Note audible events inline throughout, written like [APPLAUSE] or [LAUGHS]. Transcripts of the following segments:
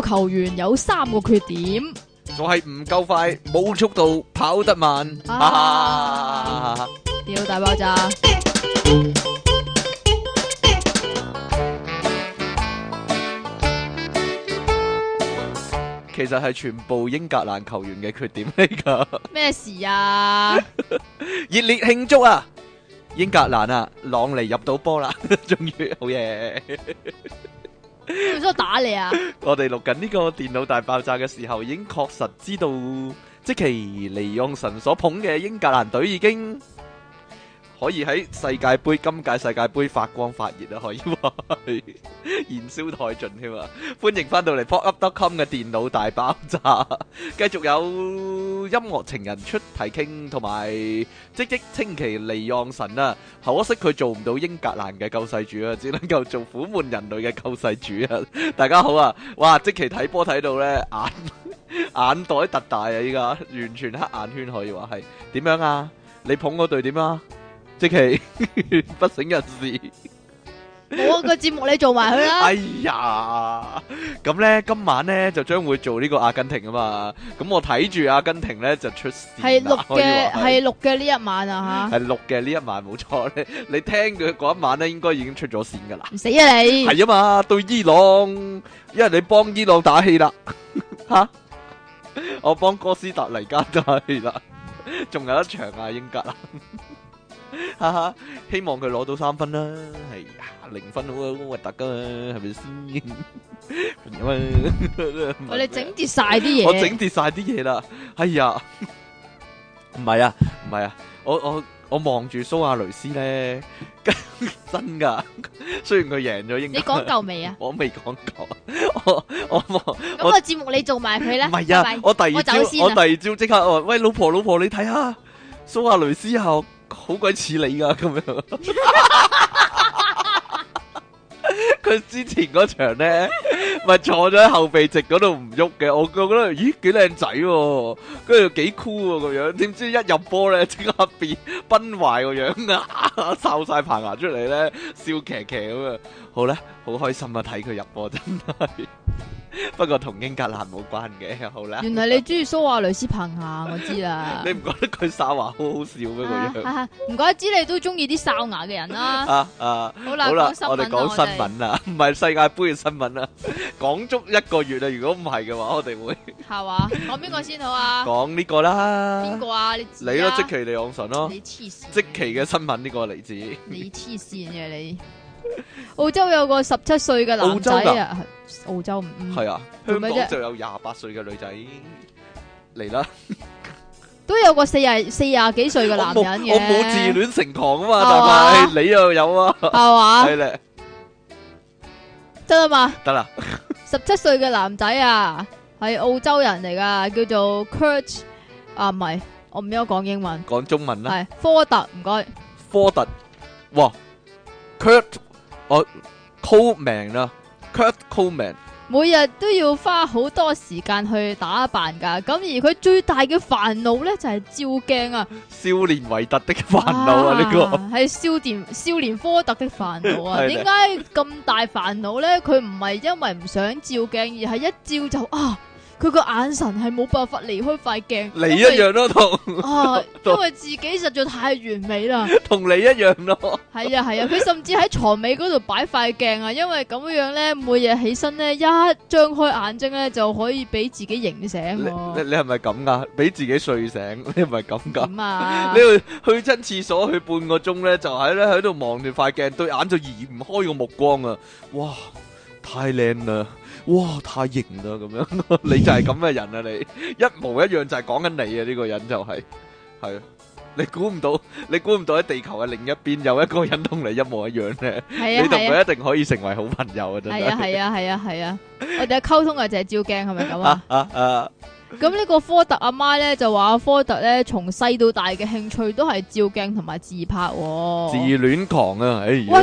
個球員有三個缺點，就係唔夠快，冇速度，跑得慢。啊！屌大爆炸！其實係全部英格蘭球員嘅缺點嚟噶。咩事啊？熱烈慶祝啊！英格蘭啊，朗尼入到波啦，終於好嘢！佢都 [LAUGHS] 打你啊！ [LAUGHS] 我哋錄緊呢個電腦大爆炸嘅時候，已經確實知道，積淇離岸神所捧嘅英格蘭隊已經，可以喺世界杯，今屆世界杯發光發熱啊！可以， [LAUGHS] 燃燒太盡添啊！歡迎翻到嚟 popup.com 嘅電腦大爆炸，繼續有音樂情人出體 King，同埋積極積淇離岸神啊！可惜佢做唔到英格蘭嘅救世主啊，只能夠做苦悶人類嘅救世主啊！大家好啊！哇！積淇睇波睇到咧眼 [LAUGHS] 眼袋特大啊！依家完全黑眼圈，可以話係點樣啊？你捧嗰隊點啊？即係不省人事，我個節目你做埋佢啦。哎呀，咁咧今晚咧就將會做呢個阿根廷啊嘛，咁我睇住阿根廷咧就出線。係錄嘅，係錄嘅呢一晚啊吓，係錄嘅呢一晚冇錯咧。你聽佢嗰一晚咧，應該已經出咗線噶啦。唔死啊你！係啊嘛，對伊朗，因為你幫伊朗打氣啦，吓，我幫哥斯達黎加打氣啦，仲有一場啊英格蘭。哈哈、啊，希望佢攞到三分啦，係零分好核突噶，係咪先？有咩？我哋整跌晒啲嘢，我整跌晒啲嘢啦。哎呀，唔係啊，唔係啊，我我我望住蘇亞雷斯咧，真噶，雖然佢贏咗英，你講夠未啊？我未講夠，我我望咁個節目，你做埋佢啦。唔係啊，我第二朝，我，我第二朝即刻，喂，老婆老婆，你睇下蘇亞雷斯後。好鬼似你噶、啊、咁樣，佢 [LAUGHS] [LAUGHS] 之前嗰場咧，咪坐咗喺後備席嗰度唔喐嘅，我我覺得咦幾靚仔、啊，跟住幾 cool 個樣，點知一入波咧，即刻變崩壞個樣、啊，抽 [LAUGHS] 晒棚牙出嚟咧，笑騎騎咁樣，好咧，好開心啊，睇佢入波真係。 [LAUGHS] 不過同英格蘭冇關嘅，好啦。原來你中意蘇亞雷斯鵬啊，我知啦。你唔覺得佢哨牙好好笑咩？個樣。唔該，知你都中意啲哨牙嘅人啦。啊好啦好啦，我哋講新聞啦，唔係世界杯嘅新聞啦，講足一個月啦。如果唔係嘅話，我哋會係話講邊個先好啊？講呢個啦。邊個啊？你你咯，積淇離岸神咯。你黐線。積淇嘅新聞呢個嚟自。你黐線嘅你。澳洲有個十七歲嘅男仔啊，澳洲唔係啊，香港就有廿八歲嘅女仔嚟啦，都有個四廿四廿幾歲嘅男人嘅，我冇自戀成狂啊嘛，但係你又有啊，係嘛，係咧，得啦嘛，得啦，十七歲嘅男仔啊，係澳洲人嚟㗎，叫做 Kurt 啊，唔係，我唔應該講英文，講中文啦，係科特唔該，科特，哇，Kurt。我、oh, Coleman 啦，Kurt Coleman，每日都要花好多時間去打扮噶，咁而佢最大嘅煩惱咧就係、是、照鏡啊！少年維特的煩惱啊，呢、啊這個係少年少年科特的煩惱啊！點解咁大煩惱咧？佢唔係因為唔想照鏡，而係一照就啊！佢個眼神係冇辦法離開塊鏡，你一樣咯，同啊， [LAUGHS] 因為自己實在太完美啦，同 [LAUGHS] 你一樣咯，係啊係啊，佢、啊、甚至喺床尾嗰度擺塊鏡啊，因為咁樣咧，每日起身咧一張開眼睛咧就可以俾自己影醒你，你係咪咁噶？俾自己睡醒，你係咪咁噶？啊！ [LAUGHS] 你去去親廁所去半個鐘咧，就喺咧喺度望住塊鏡，對眼就移唔開個目光啊！哇，太靚啦！哇，太型啦！咁樣， [LAUGHS] 你就係咁嘅人啊，你一模一樣就係講緊你啊，呢、呢個人就係、係，係啊，你估唔到，你估唔到喺地球嘅另一邊有一個人同你一模一樣咧，啊、 [LAUGHS] 你同佢一定可以成為好朋友啊！真係，係啊，係啊，係啊，啊啊啊 [LAUGHS] 我哋溝通就係照鏡，係咪咁啊？啊啊，咁呢個科特阿媽咧就話科特咧從細到大嘅興趣都係照鏡同埋自拍。哦，自戀狂啊！哎呀，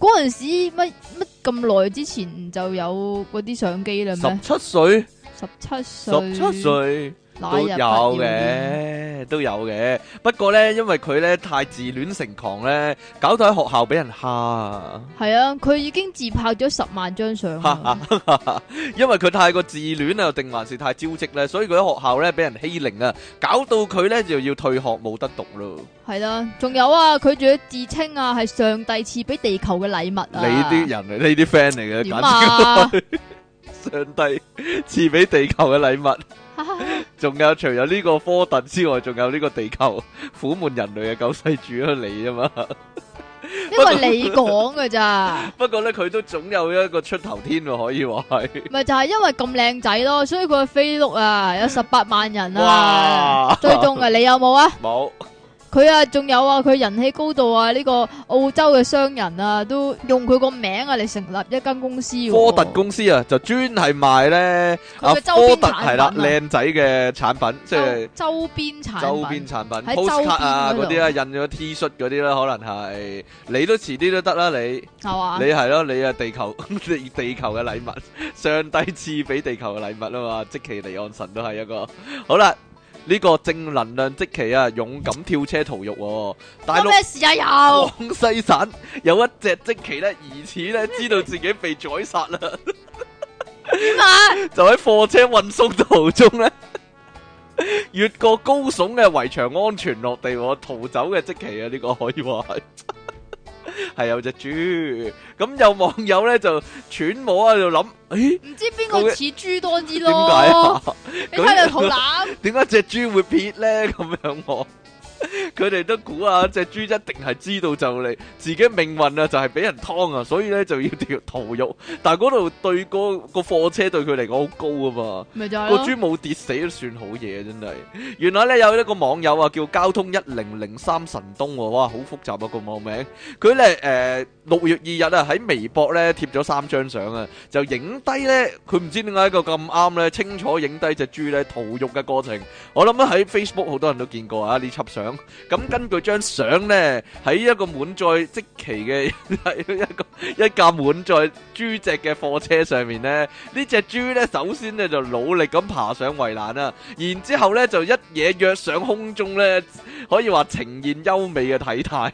嗰陣時乜乜？咁耐之前就有嗰啲相機啦係咪？出水。十七歲十七歲都有嘅，都有嘅。不過呢，因為佢咧太自戀成狂咧，搞到喺學校俾人蝦。係啊，佢已經自拍咗十萬張相。 [LAUGHS] 因為佢太過自戀啊，定還是太招積呢，所以佢喺學校呢俾人欺凌啊，搞到佢呢就要退學冇得讀咯。係啦、啊，仲有啊，佢仲要自稱啊係上帝賜俾地球嘅禮物啊。你啲人嚟，你啲 friend 嚟嘅，點、啊、簡直。上帝賜俾地球嘅禮物，仲有除咗呢個科特之外，仲有呢個地球苦悶人類嘅救世主啊，你啊嘛，因為你講㗎咋？不過咧，佢都總有一個出頭天啊，可以話係。咪就係因為咁靚仔咯，所以佢飛鹿啊，有十八萬人啊，最終嘅你有冇啊？冇。佢啊，仲有啊，佢人氣高度啊，呢個澳洲嘅商人啊，都用佢個名啊嚟成立一間公司。柯、啊、特公司啊，就專係賣咧啊柯、啊、特係啦，靚仔嘅產品，即係周邊產，產品，周邊產品喺、啊啊、周邊啊嗰啲啊印咗 T 恤嗰啲啦，可能係你都遲啲都得啦，你係嘛、啊，你係咯吧、啊，你啊地球 [LAUGHS] 地，地球嘅禮物，上帝賜俾地球嘅禮物啊嘛，即積淇離岸神都係一個好啦。呢個正能量積淇啊，勇敢跳車逃獄喎、啊！大陸廣、啊、西省有一隻積淇呢，疑似呢知道自己被宰殺啦，點 [LAUGHS] 就喺貨車運送途中呢， [LAUGHS] 越過高聳嘅圍牆，安全落地、啊，逃走嘅積淇啊！呢、呢個可以話係。 [LAUGHS] 係有隻豬，咁有網友咧就揣摩喺度諗，誒，唔知邊個似豬多啲咯？點解 [LAUGHS] 啊？你睇你肚腩，點解隻豬會撇咧？咁樣我。佢哋 [LAUGHS] 都估啊，隻豬一定係知道就嚟自己命運啊，就係、是、俾人劏啊，所以咧就要條屠肉。但係嗰度對個個貨車對佢嚟講好高噶嘛，個豬冇跌死都算好嘢，啊，真係。原來咧有一個網友啊叫交通一零零三神東，啊，哇，好複雜啊，那個網名。佢咧誒。呃六月二日啊，喺微博咧貼咗三張相啊，就影低咧，佢唔知點解一個咁啱咧，清楚影低隻豬咧屠肉嘅過程。我諗咧喺 Facebook 好多人都見過啊，呢輯相。咁根據張相咧，喺一個滿載積淇嘅一個一架滿載豬隻嘅貨車上面咧，呢隻豬咧首先咧就努力咁爬上圍欄啦，然之後咧就一嘢躍上空中咧，可以話呈現優美嘅體態。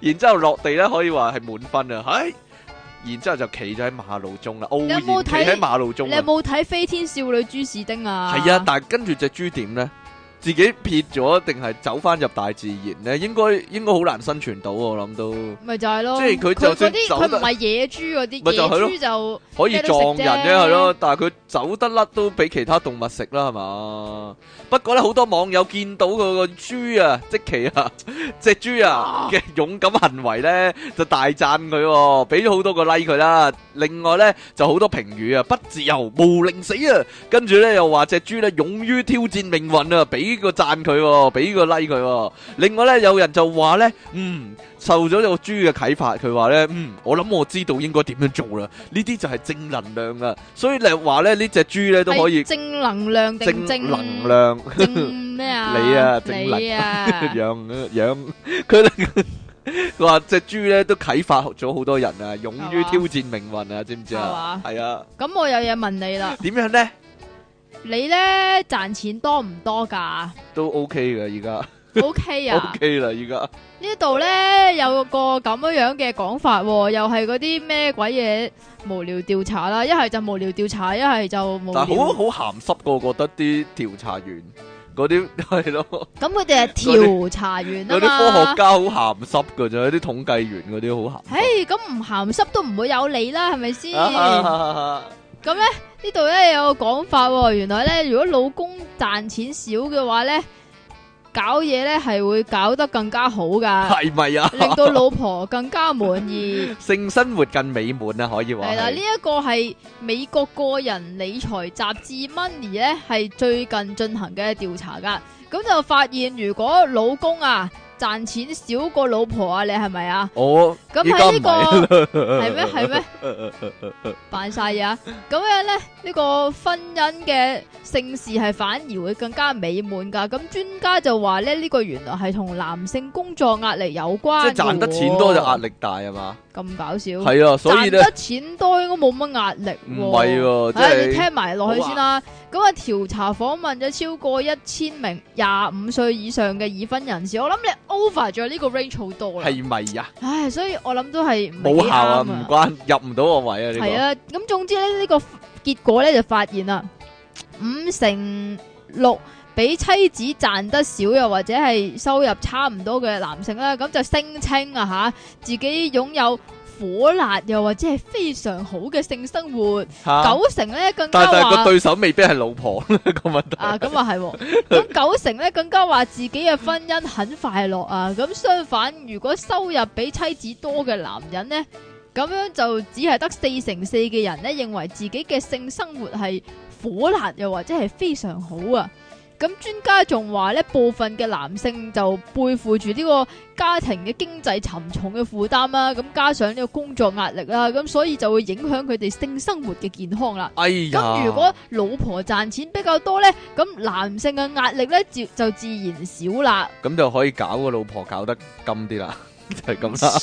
然之後落地咧，可以話係。滿分啊！係？然之後就企咗喺馬路中啦，傲然企喺馬路中。你有冇睇《飛天少女朱士丁》啊？係啊，但係跟住隻豬點咧？自己撇咗定係走翻入大自然咧？應該應該好難生存到，我諗都咪就係咯。即係佢，就嗰啲佢唔係野豬嗰啲就野豬就咯可以撞人啫，係咯。但係佢走得甩都俾其他動物食啦，係嘛？ [LAUGHS] 不過咧，好多網友見到個豬啊，即奇啊隻豬 [LAUGHS] 啊嘅 [LAUGHS] 勇敢行為咧，就大讚佢、哦，俾咗好多個 like 佢啦。另外咧就好多評語啊，不自由毋寧死啊，跟住咧又話隻豬咧勇於挑戰命運啊，俾呢個讚佢、哦，俾個 like 佢、哦。另外咧，有人就話咧，嗯，受咗個豬嘅啟發，佢話咧，嗯，我諗我知道應該點樣做啦。呢啲就係正能量啦。所以你話咧，這個、豬呢隻豬咧都可以正能量，正，正能量咩啊？ [LAUGHS] 你啊，正能量、啊，養養佢。佢話隻豬咧都啟發咗好多人啊，勇於挑戰命運啊，嗎知唔知嗎啊？係啊。咁我有嘢問你啦，點樣咧？你咧賺錢多唔多噶？都 OK 噶，而家 OK 啊，OK 啦，而家 [LAUGHS] 呢度咧 [LAUGHS] 有個咁樣樣嘅講法、哦，又係嗰啲咩鬼嘢無聊調查啦，一係就無聊調查，一係就無聊。但係好好咸濕噶，我覺得啲調查員嗰啲係咯。咁佢哋係調查員啊啲 [LAUGHS] 嗰啲 [LAUGHS] 科學家好咸濕噶，就有啲統計員嗰啲好咸。誒、哎，咁唔咸濕都唔會有你啦，係咪先？ [LAUGHS] [LAUGHS] 咁咧呢度咧有個講法喎、哦，原來咧如果老公賺錢少嘅話咧，搞嘢咧係會搞得更加好噶，係咪啊？令到老婆更加滿意， [LAUGHS] 性生活更美滿啊，可以話。係啦，呢一個係美國個人理財雜誌 Money 咧係最近進行嘅調查噶，咁就發現如果老公啊。賺錢少過老婆啊，你係咪啊？哦，咁喺呢個係咩係咩？辦晒嘢啊！咁樣咧呢個婚姻嘅性事係反而會更加美滿噶。咁專家就話咧呢，這個原來係同男性工作壓力有關啊。即係賺得錢多就壓力大啊嘛？咁搞笑係啊，所以賺得錢多應該冇乜壓力、啊。唔係、啊就是哎，你聽埋落去先啦。咁啊行，調、嗯、查訪問咗超過一千名廿五歲以上嘅已婚人士，我諗你 over 咗呢個 range 好多啦。係咪啊？唉，所以我諗都係冇效啊，唔關入唔到個位啊。係啊，咁、嗯、總之咧，呢、這個結果咧就發現啦，五成六。比妻子賺得少又或者係收入差唔多嘅男性呢，咁就聲稱啊吓，自己擁有火辣又或者係非常好嘅性生活。啊、九成呢，更加話個對手未必係老婆咁 [LAUGHS] 題啊！啊、就是，咁係。咁九成呢，更加話自己嘅婚姻很快樂 [LAUGHS] 啊。咁相反，如果收入比妻子多嘅男人呢，咁樣就只係得四成四嘅人呢，認為自己嘅性生活係火辣又或者係非常好啊。咁專家仲話咧，部分嘅男性就背負住呢個家庭嘅經濟沉重嘅負擔啦，咁加上呢個工作壓力啦、啊，咁所以就會影響佢哋性生活嘅健康啦。哎呀，咁如果老婆賺錢比較多咧，咁男性嘅壓力咧就就自然少啦。咁就可以搞個老婆搞得金啲啦，就係咁啦。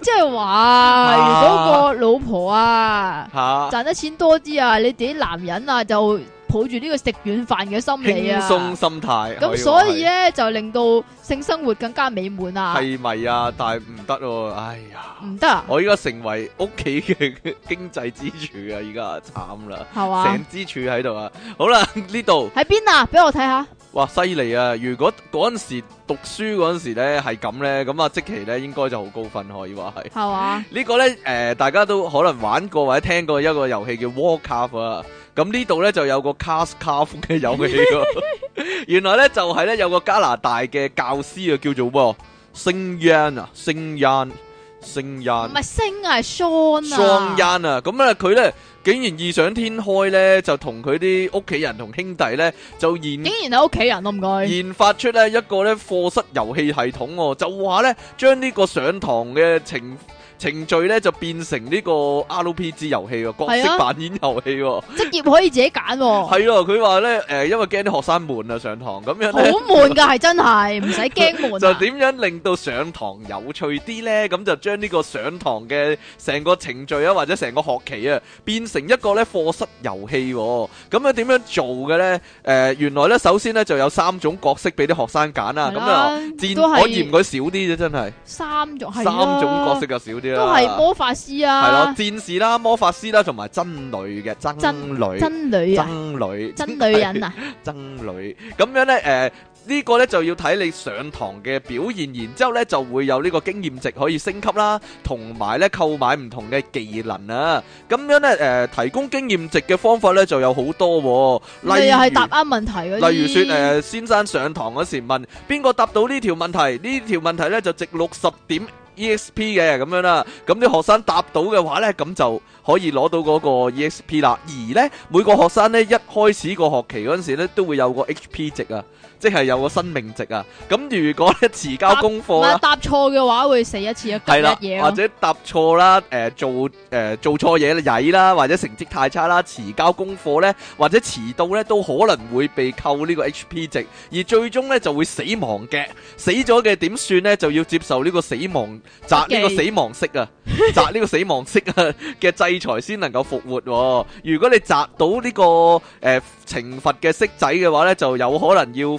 即係話，如果個老婆啊，賺得、啊啊、錢多啲啊，你自己男人啊就。抱住呢個食軟飯嘅心理啊，輕鬆心態，咁所以咧、啊、就令到性生活更加美滿啊。係咪、嗯、啊？但係唔得哦，哎呀，唔得、啊！我依家成為屋企嘅經濟支柱啊，而家慘啦，係嘛、啊？成支柱喺度啊！好啦，呢度喺邊啊？俾我睇下。哇，犀利啊！如果嗰陣時讀書嗰陣時咧係咁咧，咁啊即期咧應該就好高分可以話係。係嘛、啊？個呢個咧誒，大家都可能玩過或者聽過一個遊戲叫 War、er, Craft 啊。咁呢度咧就有個 Classcraft 嘅遊戲，原來咧就係咧有個加拿大嘅教師啊，叫做聲音啊，聲音，聲音，唔係聲係 sound，sound 啊，咁啊佢咧竟然異想天開咧，就同佢啲屋企人同兄弟咧就研，竟然係屋企人啊唔該，研發出咧一個咧課室遊戲系統，就話咧將呢個上堂嘅情程序咧就變成呢個 RPG 遊戲，角色扮演遊戲，職、啊、 [LAUGHS] 業可以自己揀、啊。係咯、 [LAUGHS] 啊，佢話咧，誒、呃，因為驚啲學生悶 [LAUGHS] 啊，上堂咁樣好悶噶，係真係唔使驚悶。就點樣令到上堂有趣啲咧？咁就將呢個上堂嘅成個程序啊，或者成個學期啊，變成一個咧課室遊戲。咁樣點樣做嘅咧？誒、呃，原來咧，首先咧就有三種角色俾啲學生揀啦。咁啊的，就都是我嫌佢少啲啫，真係。三種係。三種角色就少啲。都係魔法師啊，係咯，戰士啦，魔法師啦，同埋真女嘅真女，真，真女啊，真女，真女人啊， [LAUGHS] 真女。咁樣咧，誒、呃，呢、這個咧就要睇你上堂嘅表現，然之後咧就會有呢個經驗值可以升級啦，呢購同埋咧購買唔同嘅技能啊。咁樣咧，誒、呃，提供經驗值嘅方法咧就有好多，例如係答啱問題嗰啲。例如說，誒、呃，先生上堂嗰時問邊個答到呢條問題，呢條問題咧就值六十點。E s、EX、P 嘅咁樣啦，咁、嗯、啲學生答到嘅話呢，咁就可以攞到嗰個 EXP 啦。而呢，每個學生呢，一開始個學期嗰陣時咧，都會有個 H P 值啊！即係有個生命值啊！咁如果咧遲交功課、啊，答錯嘅話會死一次、啊、一係、啊、啦，或者答錯啦，誒、呃、做誒、呃、做錯嘢啦，曳啦，或者成績太差啦，遲交功課咧，或者遲到咧，都可能會被扣呢個 HP 值，而最終咧就會死亡嘅。死咗嘅點算咧？就要接受呢個死亡砸呢個死亡式啊，砸呢 Okay. [LAUGHS] 個死亡式啊嘅制裁先能夠復活、啊。如果你砸到、這個呃、呢個誒懲罰嘅骰仔嘅話咧，就有可能要。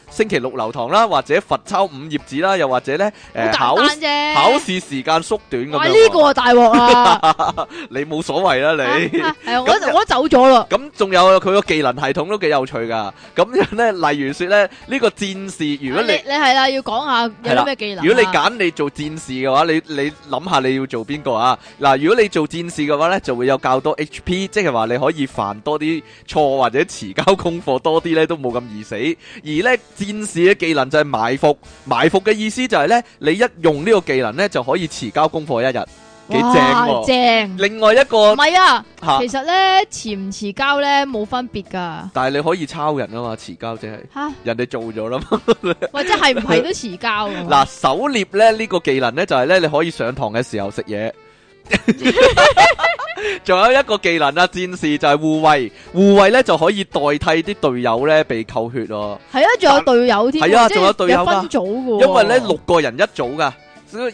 星期六留堂啦，或者罰抄五頁紙啦，又或者咧，誒考考試時間縮短咁樣。哇呢、這個啊大鑊啊！你冇所謂啦你。係啊，啊 [LAUGHS] 那我我走咗咯。咁仲有佢個技能系統都幾有趣噶。咁樣咧，例如說咧，呢、這個戰士，如果你你係啦，要講下有啲咩技能。如果你揀、啊、你，你，你，你做戰士嘅話，你你諗下你要做邊個啊？嗱，如果你做戰士嘅話咧，就會有較多 HP，即係話你可以犯多啲錯或者遲交功課多啲咧，都冇咁易死。而咧。戰士嘅技能就係埋伏，埋伏嘅意思就係呢：你一用呢個技能呢，就可以遲交功課一日，幾正、啊？正。另外一個唔係啊，啊其實呢，遲唔遲交呢，冇分別噶。但係你可以抄人啊嘛，遲交即係哈人哋做咗啦嘛，或者係唔係都遲交嗱、啊，狩獵咧呢、這個技能呢，就係、是、呢：你可以上堂嘅時候食嘢。仲 [LAUGHS] 有一個技能啊，戰士就係護衛，護衛咧就可以代替啲隊友咧被扣血囉。係啊，仲有隊友添，係啊，仲有隊友分組啊。因為咧六個人一組噶。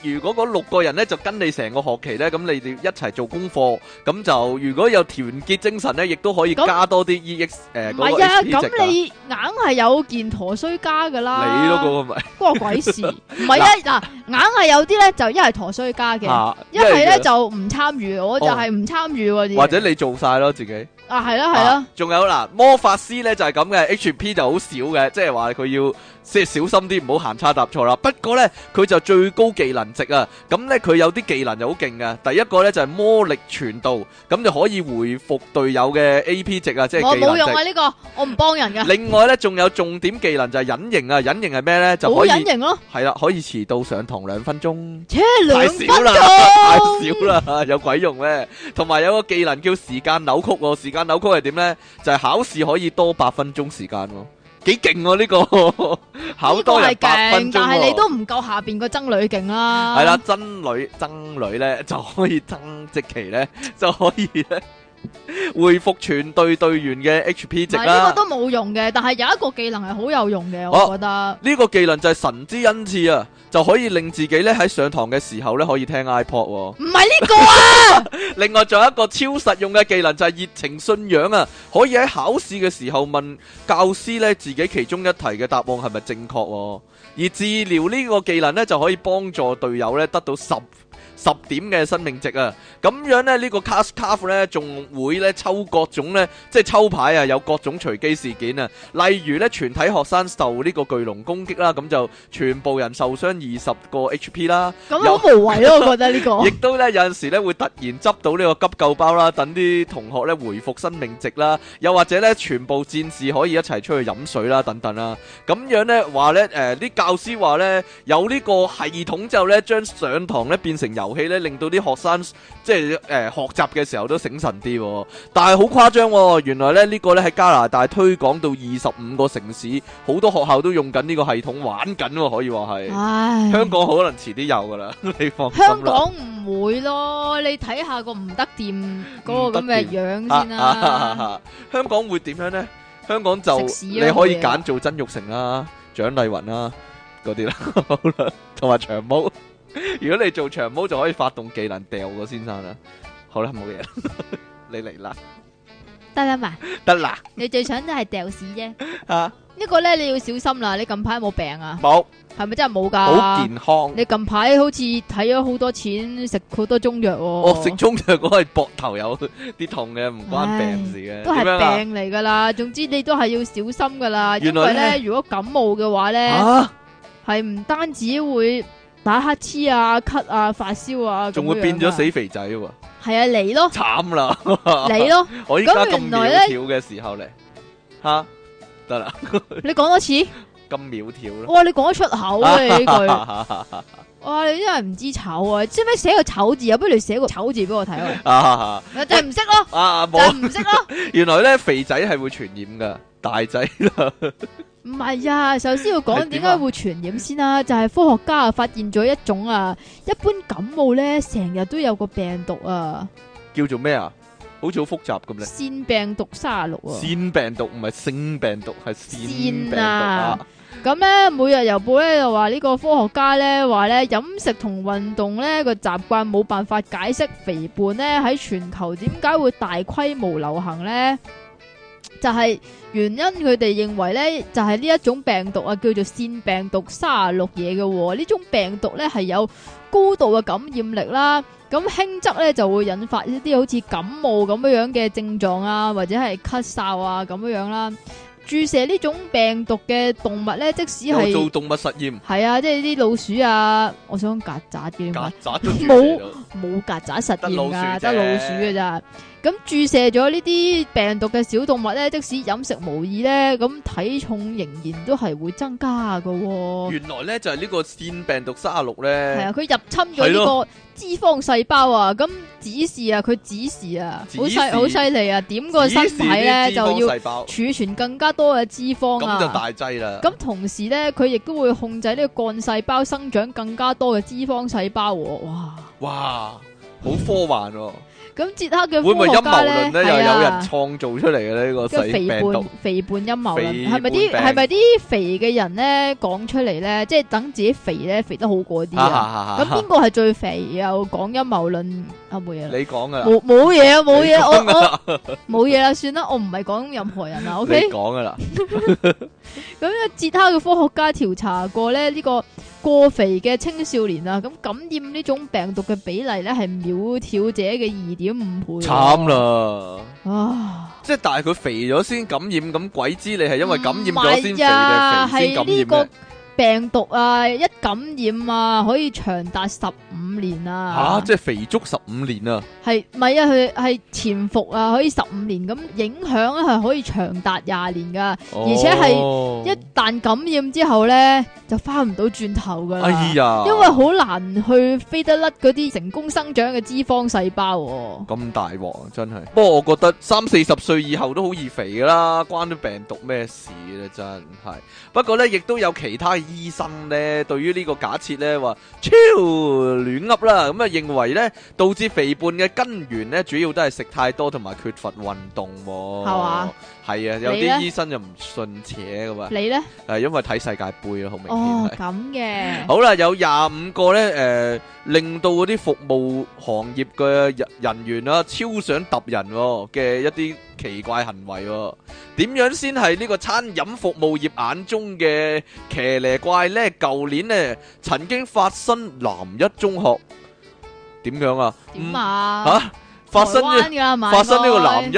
如果嗰六個人咧就跟你成個學期咧，咁你哋一齊做功課，咁就如果有團結精神咧，亦都可以加多啲。亦亦誒，唔係啊！咁你硬係有件陀衰家嘅啦。你嗰個咪關我鬼事？唔係啊！嗱，硬係有啲咧就一係陀衰家嘅，一係咧就唔參與。我就係唔參與喎。或者你做曬咯，自己。啊，係咯，係咯。仲有啦，魔法師咧就係咁嘅，HP 就好少嘅，即係話佢要即係小心啲，唔好行差踏錯啦。不過咧，佢就最高技能值啊。咁咧，佢有啲技能就好勁嘅。第一個咧就係魔力傳導，咁就可以回復隊友嘅 AP 值啊。即係我冇用啊，呢個我唔幫人嘅。另外咧，仲有重點技能就係隱形啊。隱形係咩咧？就可以好隱形咯。係啦，可以遲到上堂兩分鐘。太少啦，太少啦，有鬼用咩？同埋有個技能叫時間扭曲，時間。間扭曲係點呢？就係、是、考試可以多八分鐘時間、哦，幾勁喎！呢個 [LAUGHS] 考多又八分鐘、哦、但係你都唔夠下邊個爭女勁啦。係啦，爭女爭女呢就可以爭積淇呢，就可以咧。 [LAUGHS] 回復全隊隊員嘅 H P 值，呢個都冇用嘅，但係有一個技能係好有用嘅，我覺得呢、啊，這個技能就係神之恩賜啊，就可以令自己咧喺上堂嘅時候咧可以聽 iPod，唔、啊、係呢個啊。 [LAUGHS] 另外仲有一個超實用嘅技能就係熱情信仰啊，可以喺考試嘅時候問教師咧自己其中一題嘅答案係咪正確、啊，而治療呢個技能咧就可以幫助隊友咧得到十。十點嘅生命值啊，咁樣咧呢個 cast card 咧仲會咧抽各種咧，即係抽牌啊，有各種隨機事件啊，例如咧全體學生受呢個巨龍攻擊啦、啊，咁就全部人受傷二十個 HP 啦，咁好無謂咯、啊， [LAUGHS] 我覺得個呢個，亦都咧有陣時咧會突然執到呢個急救包啦，等啲同學咧回復生命值啦，又或者咧全部戰士可以一齊出去飲水啦，等等啦、啊，咁樣咧話咧誒啲教師話咧有呢個系統之後咧，將上堂咧變成遊遊戲咧令到啲學生即係誒學習嘅時候都醒神啲，但係好誇張。原來咧呢個咧喺加拿大推廣到二十五個城市，好多學校都用緊呢個系統玩緊，可以話係。唉，香港可能遲啲有噶啦，你放心啦。香港唔會咯，你睇下個唔得掂嗰個咁嘅樣先啦。香港會點樣呢？香港就你可以揀做曾玉成啦、蔣麗芸啦嗰啲啦，同埋長毛。如果你做長毛，就可以發動技能掉個先生啦。好啦，冇嘢，你嚟啦。得啦嘛，得啦。你最想都係掉屎啫。啊，呢個咧你要小心啦。你近排有冇病啊？冇。係咪真係冇噶好健康。你近排好似睇咗好多錢，食好多中藥。哦，食中藥嗰係膊頭有啲痛嘅，唔關病事嘅。都係病嚟噶啦。總之你都係要小心噶啦。因為咧，如果感冒嘅話咧，係唔單止會。打乞嗤啊、咳啊、發燒啊，仲會變咗死肥仔喎。係啊，你咯、 [COUGHS] [LAUGHS] 啊，慘啦，你咯。我依家咁苗條嘅時候咧，吓得啦。你講多次，咁苗條咯。哇，你講得出口啊呢句。哇、啊哈哈，你真係唔知醜啊、nah，知唔知寫個醜字，不如你寫個醜字俾我睇啊。啊 [LAUGHS] 啊就係、是、唔不識咯。 [LAUGHS] 啊一，就唔識咯。原來咧肥仔係會傳染噶，大仔啦了笑。唔係呀，首先要講點解會傳染先啦、啊，啊、就係科學家啊發現咗一種啊，一般感冒呢，成日都有個病毒啊，叫做咩啊？好似好複雜咁咧。腺病毒卅六啊，腺病毒唔係性病毒，係腺病毒、啊。咁咧、啊啊、每日郵報呢就話呢個科學家呢話呢，飲食同運動呢個習慣冇辦法解釋肥胖呢喺全球點解會大規模流行呢。就係原因，佢哋認為咧，就係、是、呢一種病毒啊，叫做腺病毒卅六嘢嘅。呢種病毒咧，係有高度嘅感染力啦。咁輕則咧就會引發一啲好似感冒咁樣樣嘅症狀啊，或者係咳嗽啊咁樣樣啦。注射呢種病毒嘅動物咧，即使係做動物實驗，係啊，即係啲老鼠啊，我想曱甴嘅，冇冇曱甴實驗噶，得老鼠嘅咋。咁、嗯、注射咗呢啲病毒嘅小動物咧，即使飲食無異咧，咁、嗯、體重仍然都係會增加噶、哦。原來咧就係、是、呢個腺病毒三啊六咧，係啊，佢入侵咗呢個脂肪細胞啊，咁、嗯、指示啊，佢指示啊，好犀好犀利啊，點個身體咧就要儲存更加多嘅脂肪咁、啊、就大劑啦。咁、嗯、同時咧，佢亦都會控制呢個幹細胞生長更加多嘅脂肪細胞、哦。哇哇！好科幻喎！咁 [NOISE] 捷克嘅科學家咧，會唔會、又有人創造出嚟嘅呢、呢個肥病毒肥半陰謀論係咪啲係咪啲肥嘅人咧講出嚟咧？即係等自己肥咧，肥得好過啲。咁邊個係最肥又講陰謀論阿梅啊？你講噶啦。冇冇嘢，冇嘢，我我冇嘢啦，算啦，我唔係講任何人啊。O K，講噶啦。咁啊，捷克嘅科學家調查過咧，呢個。過肥嘅青少年啊，咁感染呢種病毒嘅比例咧，係苗條者嘅二點五倍。慘啦！啊，了啊即係但係佢肥咗先感染，咁鬼知你係因為感染咗先肥定、嗯啊、肥先感染嘅？係呢個病毒啊，一感染啊，可以長達十。啊年啊，吓即係肥足十五年啊，係咪啊？佢係潛伏啊，可以十五年咁影響咧，係可以長達廿年噶，哦、而且係一旦感染之後咧，就翻唔到轉頭噶。哎呀，因為好難去飛得甩嗰啲成功生長嘅脂肪細胞、啊。咁大鑊啊，真係。不過我覺得三四十歲以後都好易肥噶啦，關啲病毒咩事咧、啊？真係。不過咧，亦都有其他醫生咧，對於呢個假設咧，話超亂噏啦，咁啊，嗯，認為咧，導致肥胖嘅根源咧，主要都係食太多同埋缺乏運動，哦。係嘛，啊？係啊，有啲醫生就唔信邪㗎嘛。你呢？係因為睇世界盃咯，好明顯。哦，咁嘅。好啦，有廿五個呢，誒，令到嗰啲服務行業嘅人人員啦，超想揼人嘅一啲奇怪行為，點樣先係呢個餐飲服務業眼中嘅騎呢怪呢？舊年呢，曾經發生南一中學，點樣啊？點啊？吓，發生呢？發生呢個南一。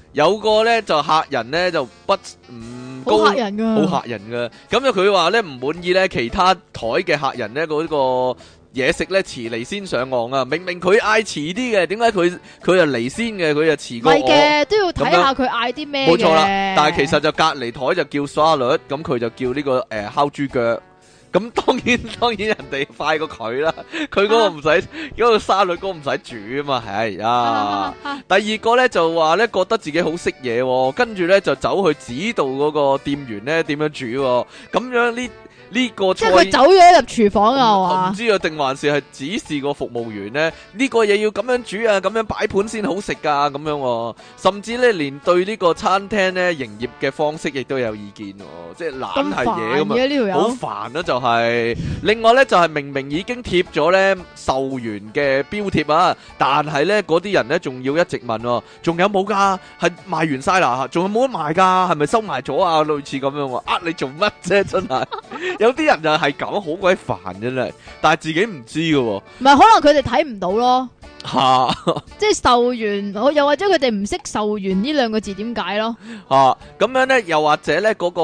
有個咧就客人咧就不唔、嗯、高，好嚇人噶，好嚇人噶。咁就佢話咧唔滿意咧，其他台嘅客人咧嗰、那個嘢食咧遲嚟先上岸啊！明明佢嗌遲啲嘅，點解佢佢又嚟先嘅？佢又遲過我。係嘅，都要睇下佢嗌啲咩。冇錯啦，但係其實就隔離台就叫沙律，咁佢就叫呢、這個誒、呃、烤豬腳。咁當然當然人哋快過佢啦，佢嗰個唔使，嗰 [LAUGHS] [LAUGHS] 個沙律哥唔使煮啊嘛，係啊。 [LAUGHS] 第二個咧就話咧覺得自己好識嘢，跟住咧就走去指導嗰個店員咧點樣煮，哦，咁樣呢？呢個即係佢走咗入廚房啊！我話，唔知啊，定還是係指示個服務員咧？呢個嘢，要咁樣煮啊，咁樣擺盤先好食噶咁樣。甚至咧，連對呢個餐廳咧營業嘅方式亦都有意見，即係難係嘢咁啊！好煩啊，就係另外咧，就係明明已經貼咗咧售完嘅標貼啊，但係咧嗰啲人咧仲要一直問，仲有冇噶？係賣完晒啦，仲有冇得賣噶？係咪收埋咗啊？類似咁樣，呃，你做乜啫？真係。有啲人就係咁，好鬼煩真係，但係自己唔知嘅喎、哦。唔係可能佢哋睇唔到咯，嚇！ [LAUGHS] 即係售完，又或者佢哋唔識售完呢兩個字點解咯？ [LAUGHS] 啊，咁樣咧，又或者咧、那、嗰個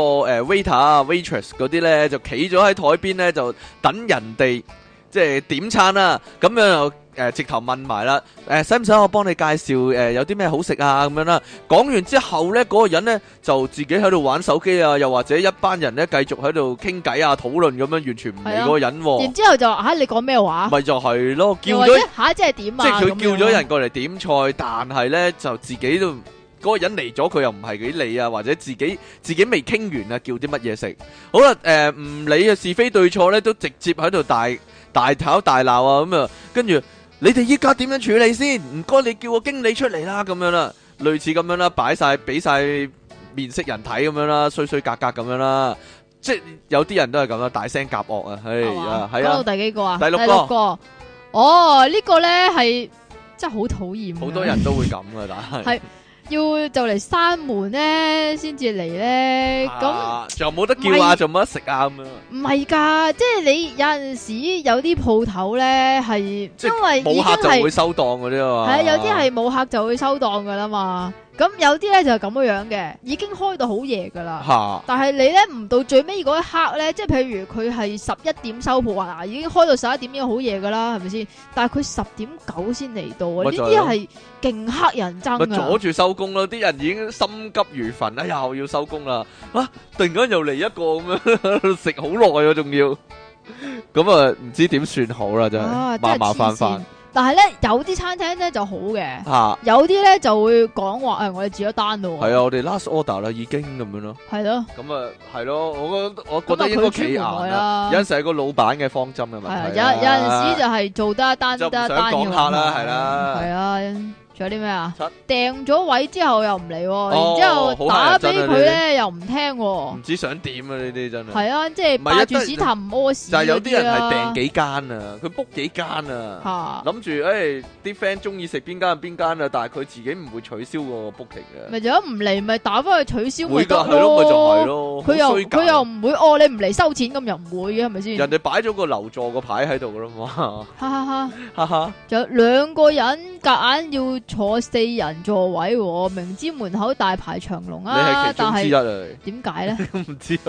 waiter 啊、呃、waitress 嗰 Wait 啲咧就企咗喺台邊咧，就等人哋。即係點餐啊！咁樣又誒，直頭問埋啦。誒，使唔使我幫你介紹？誒，有啲咩好食啊？咁樣啦。講完之後咧，嗰個人咧就自己喺度玩手機啊，又或者一班人咧繼續喺度傾偈啊、討論咁樣，完全唔理嗰個人。然之後就吓你講咩話？咪就係咯，叫咗吓即係點啊！即係佢叫咗人過嚟點菜，但係咧就自己都嗰個人嚟咗，佢又唔係幾理啊。或者自己自己未傾完啊，叫啲乜嘢食？好啦，誒，唔理啊是非對錯咧，都直接喺度大大吵大鬧啊，咁啊，跟住你哋依家點樣處理先？唔該，你叫我經理出嚟啦，咁樣啦，類似咁樣啦，擺晒俾晒面色人睇咁樣啦，衰衰格格咁樣啦，即係有啲人都係咁啦，大聲夾惡啊，啊，係啊，到第幾個啊，第六個啊，第六個，哦，這個，呢個咧係真係好討厭，好多人都會咁噶，但係。要就嚟閂門咧，先至嚟咧。咁就冇得叫啊，做乜食啊咁啊？唔係噶，即係你有陣時有啲鋪頭咧，係因為冇客就會收檔嗰啲啊嘛。係啊，有啲係冇客就會收檔噶啦嘛。咁、嗯、有啲咧就咁嘅樣嘅，已經開到好夜噶啦。吓哈！但係你咧唔到最尾嗰一刻咧，即係譬如佢係十一點收鋪啊，已經開到十一點已經好夜噶啦，係咪先？但係佢十點九先嚟到，呢啲係勁黑人憎啊！阻住收工咯，啲人已經心急如焚，哎呀，要收工啦！啊，突然間又嚟一個咁 [LAUGHS] 樣，食好耐啊，仲要咁啊，唔知點算好啦，真係麻麻煩煩。但係咧，有啲餐廳咧就好嘅，有啲咧就會講話誒，我哋住咗單咯，係啊，我哋 last order 啦，已經咁樣咯，係咯，咁啊，係咯，我、啊、我覺得應該幾難啦，有陣時係個老闆嘅方針嘅問題，啊啊，有有陣時就係做得一單 [LAUGHS] 說說一單得一單要客啦，係啦，係啊。 [LAUGHS] 仲有啲咩啊？訂咗位之後又唔嚟，然之後打俾佢咧又唔聽，唔知想點啊！呢啲真係係啊，即係擺住屎塔唔屙屎。但係有啲人係訂幾間啊，佢 book 幾間啊，諗住誒，啲 friend 中意食邊間就邊間啊，但係佢自己唔會取消個 booking 嘅。咪如果唔嚟咪打翻去取消咪得咯？佢又佢又唔會哦，你唔嚟收錢咁又唔會嘅係咪先？人哋擺咗個留座個牌喺度噶啦嘛，哈哈哈，哈哈！有兩個人夾硬要。坐四人座位，明知門口大排長龍啊！你係其中之一啊！但係點解咧？唔知啊！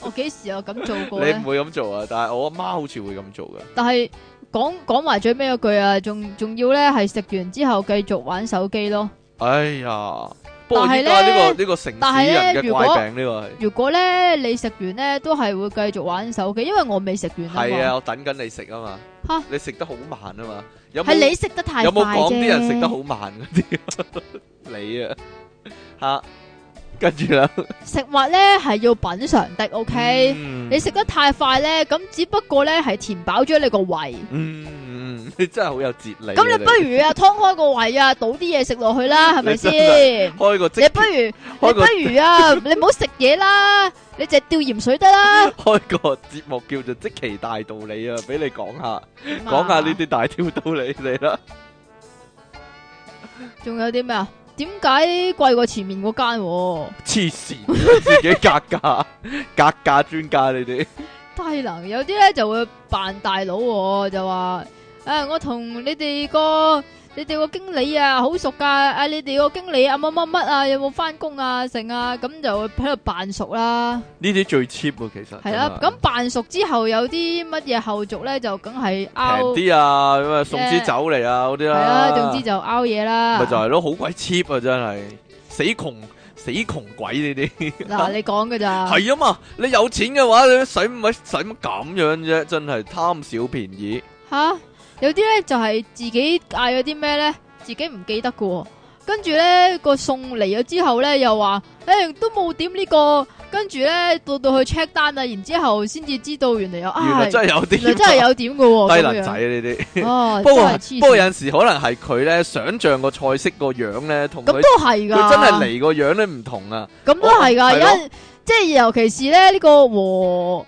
我幾時又咁做過咧？你唔會咁做啊？但係我阿媽好似會咁做噶。但係講講埋最尾嗰句啊，仲仲要咧係食完之後繼續玩手機咯。哎呀！但係咧呢個呢個城中市人的怪病呢個係。如果咧你食完咧都係會繼續玩手機，因為我未食完啊嘛。係啊，我等緊你食啊嘛。吓，你食得好慢啊嘛。係你食得太快，有冇講啲人食得好慢啲？ [LAUGHS] 你啊，嚇！跟住啦，食物咧係要品嘗的，OK、嗯。你食得太快咧，咁只不過咧係填飽咗你個胃。嗯，你真係好有哲理、啊。咁你， [LAUGHS] 你不如啊，劏開個胃啊，倒啲嘢食落去啦，係咪先？開個，你不如，個你不如啊， [LAUGHS] 你唔好食嘢啦，你淨係吊鹽水得啦。開個節目叫做《積淇大道理》啊，俾你講下，講 [LAUGHS] 下呢啲大條道理你啦。仲有啲咩啊？ [LAUGHS] 點解貴過前面嗰間、啊？黐線，自己格價， [LAUGHS] 格價專家你哋。低能， [LAUGHS] 有啲咧就會扮大佬、啊，就話，誒、啊，我同你哋個。你哋個經理啊，好熟噶，啊你哋個經理啊乜乜乜啊，有冇翻工啊，成啊，咁就喺度扮熟啦。呢啲最 cheap 啊，其實係啦。咁扮熟之後有啲乜嘢後續咧，就梗係拗啲啊，咁啊送支酒嚟啊，嗰啲啦。係啊，總之就拗嘢啦。咪就係咯，好鬼 cheap 啊，真係死窮死窮鬼呢啲。嗱，你講噶咋？係啊嘛，你有錢嘅話，你使乜使乜咁樣啫？真係貪小便宜。吓？有啲咧就係自己嗌咗啲咩咧，自己唔記得嘅。跟住咧個餸嚟咗之後咧，又話誒都冇點呢個。跟住咧到到去 check 單啊，然之後先至知道原嚟有啊，真係有啲真係有點嘅。低能仔呢啲。不過不過有陣時可能係佢咧想象個菜式個樣咧，同佢真係嚟個樣咧唔同啊。咁都係噶，即係尤其是咧呢個和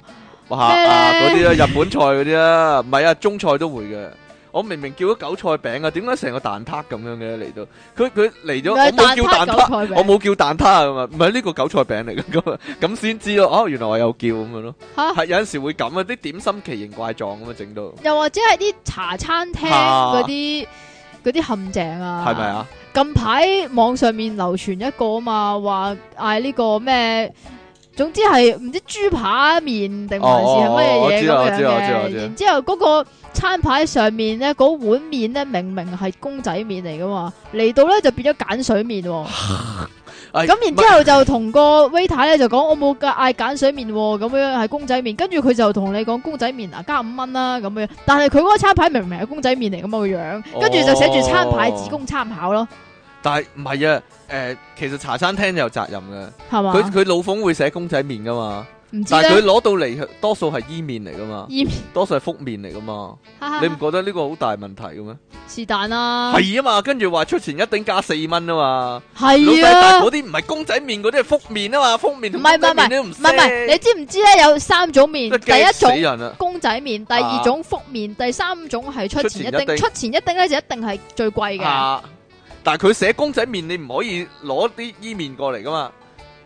吓啊嗰啲啦，日本菜嗰啲啦，唔係啊中菜都會嘅。我明明叫咗韭菜餅啊，點解成個蛋撻咁樣嘅嚟到？佢佢嚟咗，是我冇叫蛋撻，我冇叫蛋撻啊 [LAUGHS] 嘛，唔係呢個韭菜餅嚟嘅，咁咁先知咯。哦、啊，原來我叫哈有叫咁樣咯。嚇，係有陣時會咁啊，啲點心奇形怪狀咁樣整到。又或者係啲茶餐廳嗰啲嗰啲陷阱啊？係咪啊？近排網上面流傳一個啊嘛，話嗌呢個咩？總之係唔知豬扒麵定還是係乜嘢嘢咁樣，然之後嗰個餐牌上面咧，嗰碗麵咧明明係公仔麵嚟噶嘛，嚟到咧就變咗鹼水麵、哦，咁、 [LAUGHS] 哎、然之後就同、哎、個 waiter 咧就講我冇嗌鹼水麵、哦，咁樣係公仔麵，跟住佢就同你講公仔麵加啊加五蚊啦咁樣，但係佢嗰個餐牌明唔明係公仔麵嚟咁啊個樣，跟住就寫住餐牌只供參考咯。哦哦哦但係唔係啊？誒，其實茶餐廳有責任嘅，佢佢老馮會寫公仔麵噶嘛？但係佢攞到嚟，多數係伊麵嚟噶嘛？伊麵，多數係覆麵嚟噶嘛？你唔覺得呢個好大問題嘅咩？是但啦，係啊嘛，跟住話出前一丁加四蚊啊嘛，係啊，嗰啲唔係公仔麵，嗰啲係覆麵啊嘛，覆麵唔係唔係唔係，你知唔知咧有三種麵？第一種公仔麵，第二種覆麵，第三種係出前一丁，出前一丁咧就一定係最貴嘅。但係佢寫公仔麵，你唔可以攞啲伊麵過嚟噶嘛？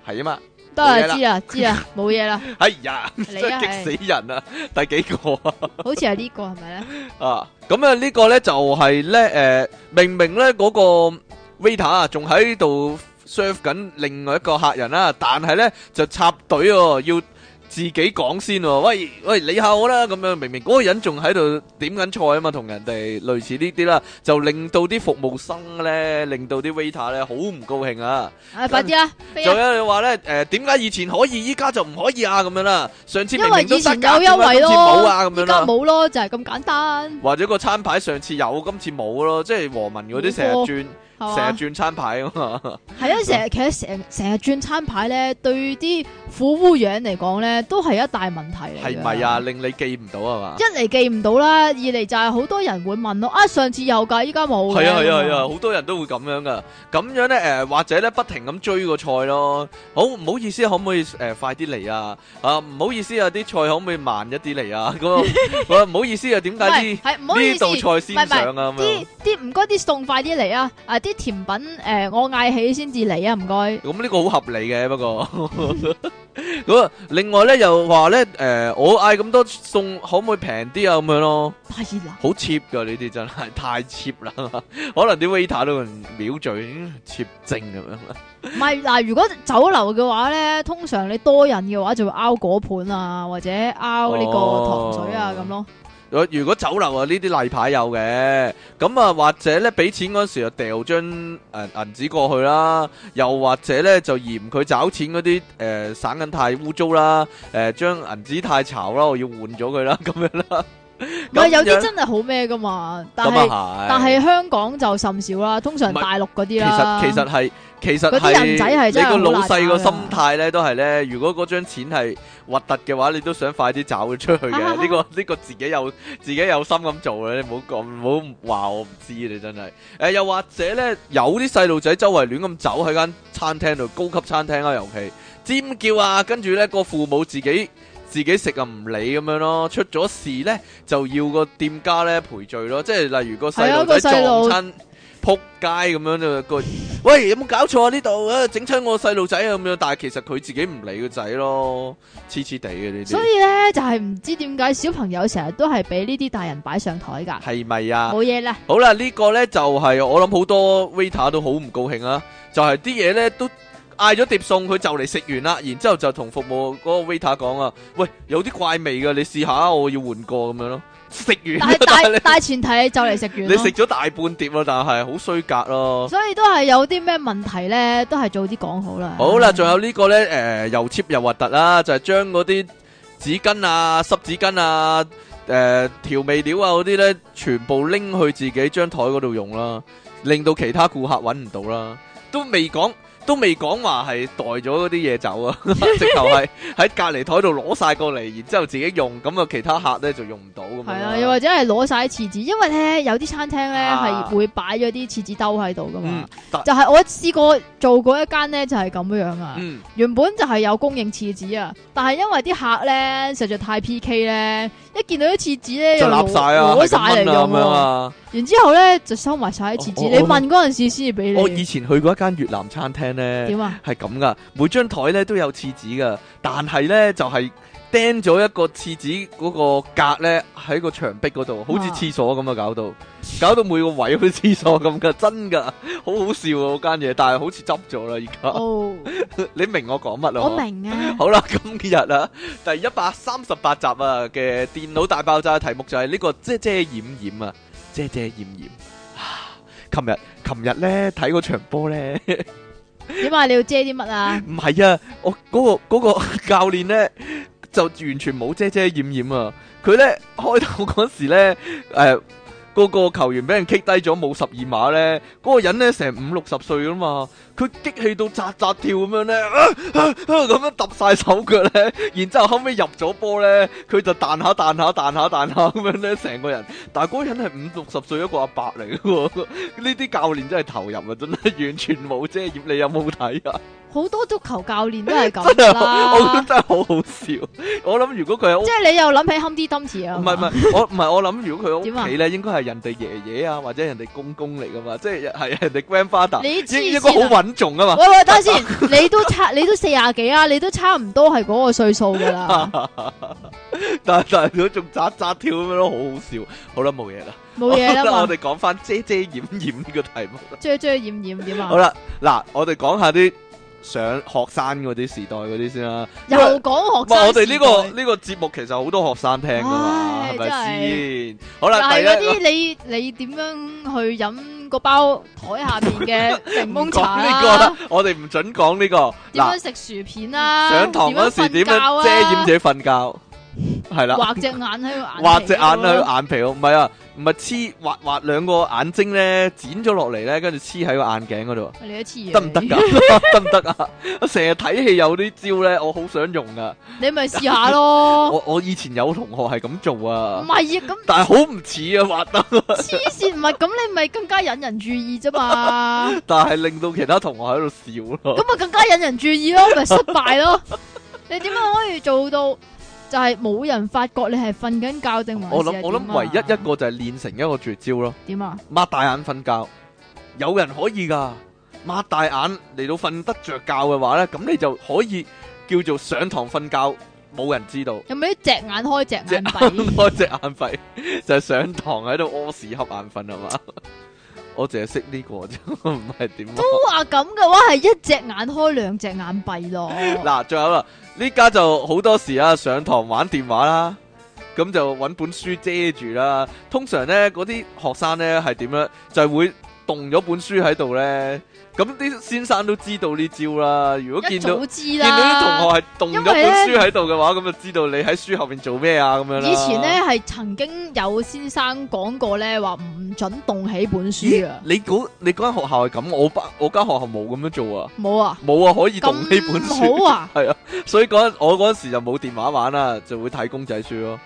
係啊嘛，都係知啊，知啊，冇嘢啦。哎呀，真係激死人啊！第幾個啊？好似係呢個係咪咧？啊，咁啊呢個咧就係咧誒，明明咧嗰個 waiter 啊，仲喺度 serve 緊另外一個客人啦，但係咧就插隊喎，要。自己講先喎，哦，喂喂，你下我啦，咁樣明明嗰個人仲喺度點緊菜啊嘛，同人哋類似呢啲啦，就令到啲服務生咧，令到啲 waiter 咧好唔高興啊！啊跟快啲啦，仲、啊、有你話咧，誒點解以前可以，依家就唔可以啊？咁樣啦，上次明明都實價，今次冇啊，咁樣啦，冇咯，就係、是、咁簡單。或者個餐牌上次有，今次冇咯，即係和民嗰啲成日轉。成日轉餐牌啊嘛，係啊，成日其實成成日轉餐牌咧，對啲苦污樣嚟講咧，都係一大問題嚟。係咪啊？令你記唔到啊嘛？一嚟記唔到啦，二嚟就係好多人會問咯。啊，上次有架，依家冇。係啊係啊係啊，好多人都會咁樣噶。咁樣咧，誒，或者咧，不停咁追個菜咯。好唔好意思，可唔可以誒快啲嚟啊？啊唔好意思啊，啲菜可唔可以慢一啲嚟啊？嗰個唔好意思啊，點解啲呢道菜先上啊？啲啲唔該啲餸快啲嚟啊！啊啲甜品誒，我嗌起先至嚟啊，唔該。咁呢個好合理嘅，不過。咁另外咧又話咧誒，我嗌咁多餸可唔可以平啲啊？咁樣咯，太熱啦，好 cheap 噶你哋真係太 cheap 啦。可能啲 waiter 都藐嘴，cheap 精咁樣。唔係嗱，如果酒樓嘅話咧，通常你多人嘅話就會拗果盤啊，或者拗呢個糖水啊咁咯。如果酒樓啊呢啲例牌有嘅，咁啊或者呢俾錢嗰時啊掉張銀銀紙過去啦，又或者呢就嫌佢找錢嗰啲誒省緊太污糟啦，誒張銀紙太潮啦，我要換咗佢啦，咁樣啦。 [LAUGHS] 有啲真係好咩噶嘛，但係但係香港就甚少啦，通常大陸嗰啲啦其。其實其實係其實係你個老細個心態咧，都係咧。如果嗰張錢係核突嘅話，你都想快啲找出去嘅。呢、 [LAUGHS] 這個呢、這個自己有自己有心咁做嘅，你唔好講唔好話我唔知你真係。誒、呃，又或者咧，有啲細路仔周圍亂咁走喺間餐廳度，高級餐廳啦、啊，尤其尖叫啊，跟住咧個父母自己。自己食啊唔理咁樣咯，出咗事咧就要個店家咧賠罪咯，即係例如個細路仔撞親扑、啊那個、街咁樣都，個喂有冇搞錯啊呢度啊整親我細路仔啊咁樣，但係其實佢自己唔理個仔咯，黐黐地嘅呢啲。所以咧就係、是、唔知點解小朋友成日都係俾呢啲大人擺上台噶，係咪啊？冇嘢啦。好啦，這個、呢個咧就係、是、我諗好多 waiter 都好唔高興啊，就係啲嘢咧都。嗌咗碟餸，佢就嚟食完啦，然之後就同服務嗰個 waiter 講啊，喂，有啲怪味嘅，你試下，我要換個咁樣咯。食完，大、大前提就嚟食完。你食咗大半碟咯，但係好衰格咯。所以都係有啲咩問題咧，都係早啲講好啦。好啦，仲有呢個咧，誒，又 cheap 又核突啦，就係將嗰啲紙巾啊、濕紙巾啊、誒調味料啊嗰啲咧，全部拎去自己張台嗰度用啦，令到其他顧客揾唔到啦，都未講。都未講話係袋咗嗰啲嘢走啊， [LAUGHS] 直頭係喺隔離台度攞晒過嚟，然之後自己用，咁啊其他客咧就用唔到咁樣。係啊，又或者係攞晒廁紙，因為咧有啲餐廳咧係、啊、會擺咗啲廁紙兜喺度噶嘛。嗯、就係我試過做過一間咧就係咁樣啊。嗯、原本就係有供應廁紙啊，但係因為啲客咧實在太 P K 咧。一見到啲廁紙咧，就攬曬啊，攞晒嚟咁樣啊！然之後咧就收埋晒啲廁紙。你問嗰陣時先至俾你。我以前去過一間越南餐廳咧，點啊？係咁噶，每張台咧都有廁紙噶，但係咧就係、是。釘咗一個廁紙嗰個格咧喺個牆壁嗰度，好似廁所咁啊！搞到、哦、搞到每個位好似廁所咁噶，真噶，好好笑嗰間嘢。但係好似執咗啦，而家、哦。 [LAUGHS] 你明我講乜咯？我明啊。 [LAUGHS] 好啦，今日啊，第一百三十八集啊嘅電腦大爆炸嘅題目就係呢、呢個遮遮掩掩啊，遮遮掩掩啊！琴日琴日咧睇嗰場波咧，點 [LAUGHS] 啊？你要遮啲乜啊？唔係啊，我嗰、嗰個嗰、嗰個嗰個教練咧。 [LAUGHS] 就完全冇遮遮掩掩啊！佢咧開頭嗰時咧，誒、呃，嗰個球員俾人 k 低咗冇十二碼咧，嗰、嗰個人咧成五六十歲噶嘛。佢激氣到扎扎跳咁樣咧，咁樣揼晒手腳咧，然之後後尾入咗波咧，佢就彈下彈下彈下彈下咁樣咧，成個人，但係嗰人係五六十歲一個阿伯嚟嘅喎，呢啲教練真係投入啊，真係完全冇遮掩，你有冇睇啊？好多足球教練都係咁啦，我覺得真係好好笑。我諗如果佢，即係你又諗起 Humpty Dumpty 啊？唔係唔係，我唔係我諗如果佢屋企咧，應該係人哋爺爺啊或者人哋公公嚟噶嘛，即係係人哋 grandfather，應應該好穩。重啊嘛！喂喂，等先， [LAUGHS] 你都差，你都四廿幾啊，你都差唔多係嗰個歲數噶啦。但但佢仲紮扎跳咁樣咯，好好笑。好啦，冇嘢啦，冇嘢啦。我哋講翻遮遮掩掩呢個題目。遮遮掩掩點啊？好啦，嗱，我哋講下啲上學生嗰啲時代嗰啲先啦。又講學生。唔，我哋呢、呢個呢、呢個節目，其實好多學生聽噶嘛，係咪先？好啦，係嗰啲你你點樣去飲？個包台下邊嘅檸檬茶、啊，呢 [LAUGHS] 個我哋唔准講呢、這個。點樣食薯片啦、啊？上堂嗰時點樣遮掩自己瞓覺？係啦、啊，畫隻 [LAUGHS] 了眼喺個畫隻眼喺眼皮，唔係啊。 [LAUGHS] 唔係黐畫畫兩個眼睛咧，剪咗落嚟咧，跟住黐喺個眼鏡嗰度。你都黐嘢，得唔得噶？得唔得啊？我成日睇戲有啲招咧，我好想用噶。你咪試下咯。 [LAUGHS] 我我以前有同學係咁做啊。唔係啊，咁。但係好唔似啊，畫得黐線唔係，咁你咪更加引人注意啫嘛。 [LAUGHS] 但係令到其他同學喺度笑咯。咁啊，更加引人注意咯，咪失敗咯。 [LAUGHS] 你點樣可以做到？就係冇人發覺你係瞓緊覺定我諗我諗唯一一個就係練成一個絕招咯。點啊？擘大眼瞓覺，有人可以噶。擘大眼嚟到瞓得着覺嘅話咧，咁你就可以叫做上堂瞓覺，冇人知道。有冇一隻眼開，隻眼閉？開隻眼閉，就係上堂喺度屙屎瞌眼瞓係嘛？我淨係識呢個啫，唔係點？都話，咁嘅話係一隻眼開，兩隻眼閉咯。嗱，仲有啦。呢家就好多時啊，上堂玩電話啦，咁就揾本書遮住啦。通常呢，嗰啲學生呢係點咧？就會動咗本書喺度呢。咁啲先生都知道呢招啦，如果見到知啦，見到啲同學係動咗本書喺度嘅話，咁就知道你喺書後邊做咩啊，咁樣啦。以前咧，係曾經有先生講過咧，話唔准動起本書啊。你你嗰間學校係咁？我我間學校冇咁樣做啊。冇啊，冇啊，可以動起本書啊。係啊，所以嗰我嗰時就冇電話玩啦，就會睇公仔書咯。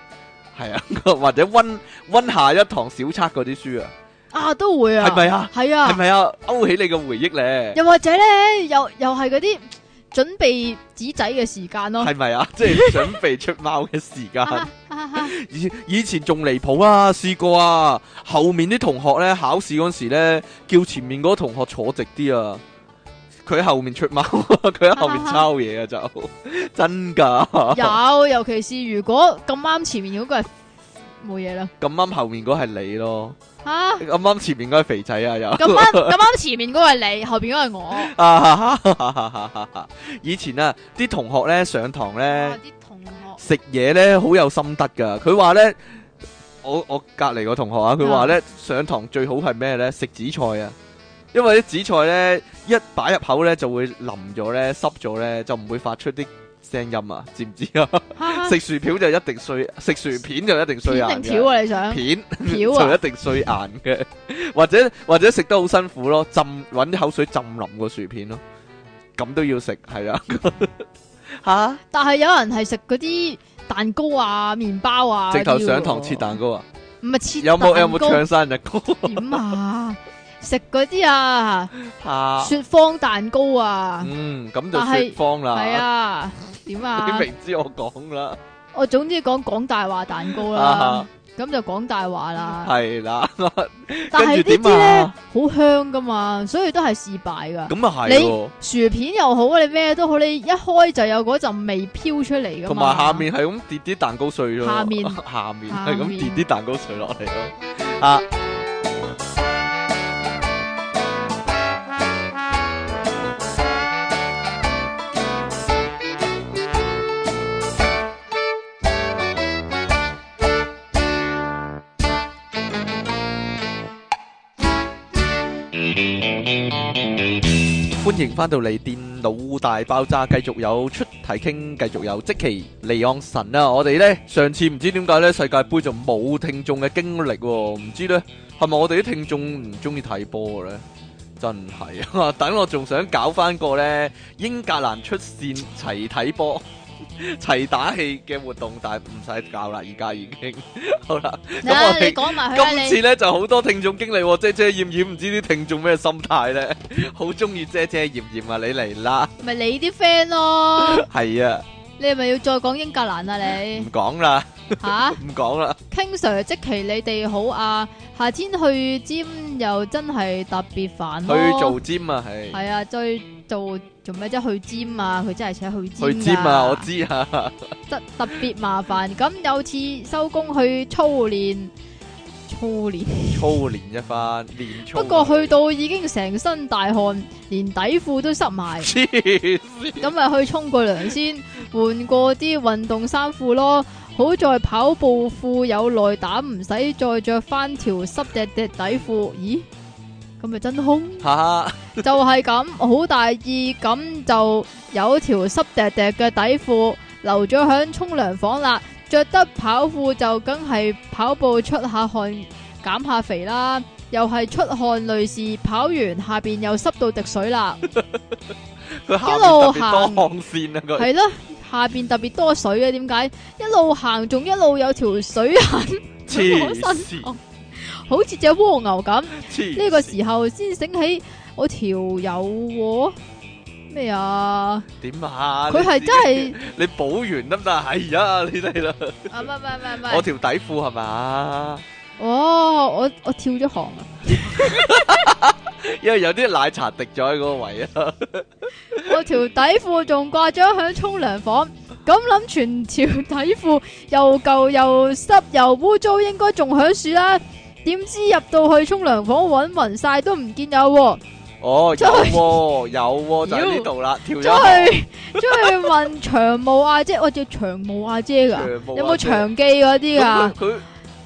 係啊，或者溫溫下一堂小測嗰啲書啊。啊，都會啊，係咪啊，係啊，係咪啊，勾起你嘅回憶咧？又或者咧，又又係嗰啲準備紙仔嘅時間咯？係咪啊？即、就、係、係、準備出貓嘅時間。以、 [LAUGHS] 啊啊啊、 [LAUGHS] 以前仲離譜啊，試過啊，後面啲同學咧考試嗰時咧，叫前面嗰個同學坐直啲啊，佢喺後面出貓，佢 [LAUGHS] 喺後面抄嘢啊，啊啊就真噶。 [LAUGHS] 有，尤其是如果咁啱前面有個人。冇嘢啦。咁啱後面嗰係你咯。吓，咁啱前面嗰係肥仔啊又。咁啱咁啱前面嗰係你，後邊嗰係我。啊哈哈哈！以前啊，啲同學咧上堂咧，啲同學食嘢咧好有心得噶。佢話咧，我我隔籬個同學啊，佢話咧上堂最好係咩咧？食紫菜啊，因為啲紫菜咧一擺入口咧就會腍咗咧濕咗咧，就唔會發出啲。聲音啊，知唔知啊？啊食薯條就一定衰，食薯片就一定衰啊！嘅。條啊，你想片條、啊、 [LAUGHS] 就一定衰硬嘅， [LAUGHS] 或者或者食得好辛苦咯，浸搵啲口水浸淋個薯片咯，咁都要食係啊。吓、 [LAUGHS] 啊，但係有人係食嗰啲蛋糕啊、麵包啊，直頭上堂切蛋糕啊。唔係切有冇有冇糕唱生日歌？點啊？ [LAUGHS] 食嗰啲啊，啊，雪芳蛋糕啊。啊嗯，咁、嗯、就雪芳啦。係啊。點啊！你明知我講啦，我總之講講大話蛋糕啦，咁 [LAUGHS] 就講大話啦，係啦 [LAUGHS] 是的。 [LAUGHS] 但係呢啲咧好香噶嘛，所以都係試敗噶。咁啊係，嗯、你、嗯、薯片又好，你咩都好，你一開就有嗰陣味飄出嚟噶。同埋下面係咁跌啲蛋糕碎咯面， [LAUGHS] 下面下面係咁 [LAUGHS] 跌啲蛋糕碎落嚟咯。啊！ [LAUGHS] 啊歡迎翻到嚟，電腦大爆炸，繼續有出體 king，繼續有積淇離岸神啊！我哋呢上次唔知點解、啊、呢，世界杯就冇聽眾嘅經歷，唔知呢係咪我哋啲聽眾唔中意睇波咧？真係啊！ [LAUGHS] 等我仲想搞翻個呢英格蘭出線齊睇波。齊打氣嘅活動，但唔使搞啦，而家已經好啦。咁我哋講埋佢啊，你今次咧就好多聽眾經歷，遮遮掩掩唔知啲聽眾咩心態咧，好中意遮遮掩掩啊！你嚟啦，咪你啲 friend 咯，係啊，你係咪要再講英格蘭啊？你唔講啦，吓唔講啦，King Sir 即期你哋好啊，夏天去尖又真係特別煩咯，去做尖啊，係係啊，最。做做咩啫？去尖啊！佢真係想去尖啊、去尖去尖啊！我知啊， [LAUGHS] 特特別麻煩。咁有次收工去操練，操練 [LAUGHS] 操練一番，練。不過去到已經成身大汗，連底褲都濕埋。咁咪去沖個涼先，換過啲運動衫褲咯。好在跑步褲有內膽，唔使再着翻條濕疊疊底褲。咦？咁咪真空， [LAUGHS] 就係咁好大意咁，就有條濕滴滴嘅底褲留咗喺沖涼房啦。着得跑褲就梗係跑步出下汗減下肥啦。又係出汗類似跑完下邊又濕到滴水啦。一路行多汗線係咯，下邊特別多水嘅，點解一路行仲一路有條水痕？黐 [LAUGHS] 線！ [LAUGHS] 好似隻蝸牛咁，呢個時候先醒起我條友咩啊？點啊？佢係真係你補完得唔得？係啊，你哋啦，唔係唔係唔係，我條底褲係咪？哦，我我跳咗行啊，因為有啲奶茶滴咗喺個位啊。我條底褲仲掛咗喺沖涼房，咁諗全條底褲又舊又濕又污糟，應該仲響樹啦。點知入到去沖涼房揾匀晒都唔見有。哦，有喎，有喎，就喺呢度啦。出去出去揾長毛阿姐，我叫長毛阿姐噶，有冇長記嗰啲㗎？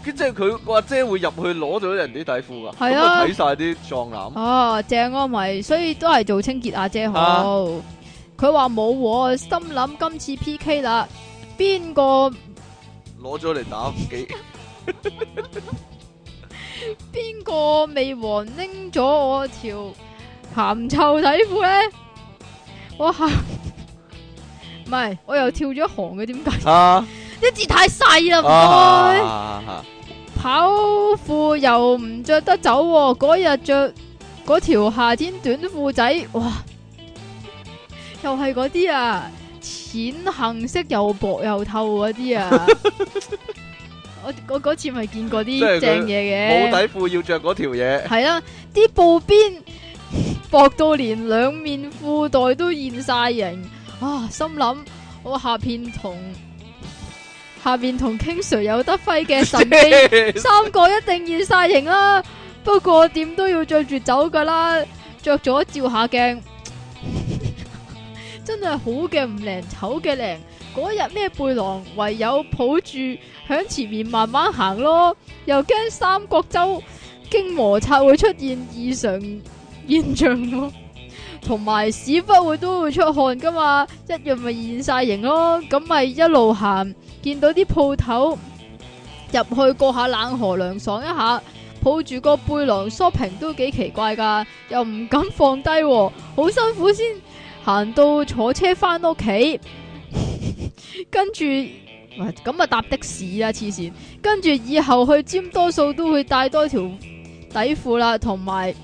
佢即係佢阿姐會入去攞咗人啲底褲噶，係啊，睇晒啲壯男。哦，正啊，咪，所以都係做清潔阿姐好。佢話冇，我心諗今次 PK 啦，邊個攞咗嚟打機？邊個未還拎咗我條鹹臭底褲咧？我下唔係， [LAUGHS] 我又跳咗行嘅，點解？一字太細啦，跑褲又唔着得走，啊。嗰日着嗰條夏天短褲仔，哇，又係嗰啲啊，淺杏色又薄又透嗰啲啊。 [LAUGHS] 我嗰次咪見過啲是正嘢嘅，冇底褲要着嗰條嘢。係啊，啲布邊薄到連兩面褲袋都現晒形。啊，心諗我下邊同下邊同 King Sir 有得揮嘅神機 Yes! 三個一定現晒形啦。 [LAUGHS] 不過點都要着住走噶啦，着咗照下鏡， [LAUGHS] 真係好嘅唔靚，醜嘅靚。嗰日咩背囊，唯有抱住響前面慢慢行咯，又驚三角洲經摩擦會出現異常現象咯，同埋屎忽會都會出汗噶嘛，一樣咪現晒形咯，咁咪一路行，見到啲鋪頭入去過下冷河涼爽一下，抱住個背囊 shopping 都幾奇怪噶，又唔敢放低喎，好辛苦先行到坐車翻屋企。跟住，咁啊搭的士啊黐線，跟住以後去尖多數都會帶多條底褲啦，同埋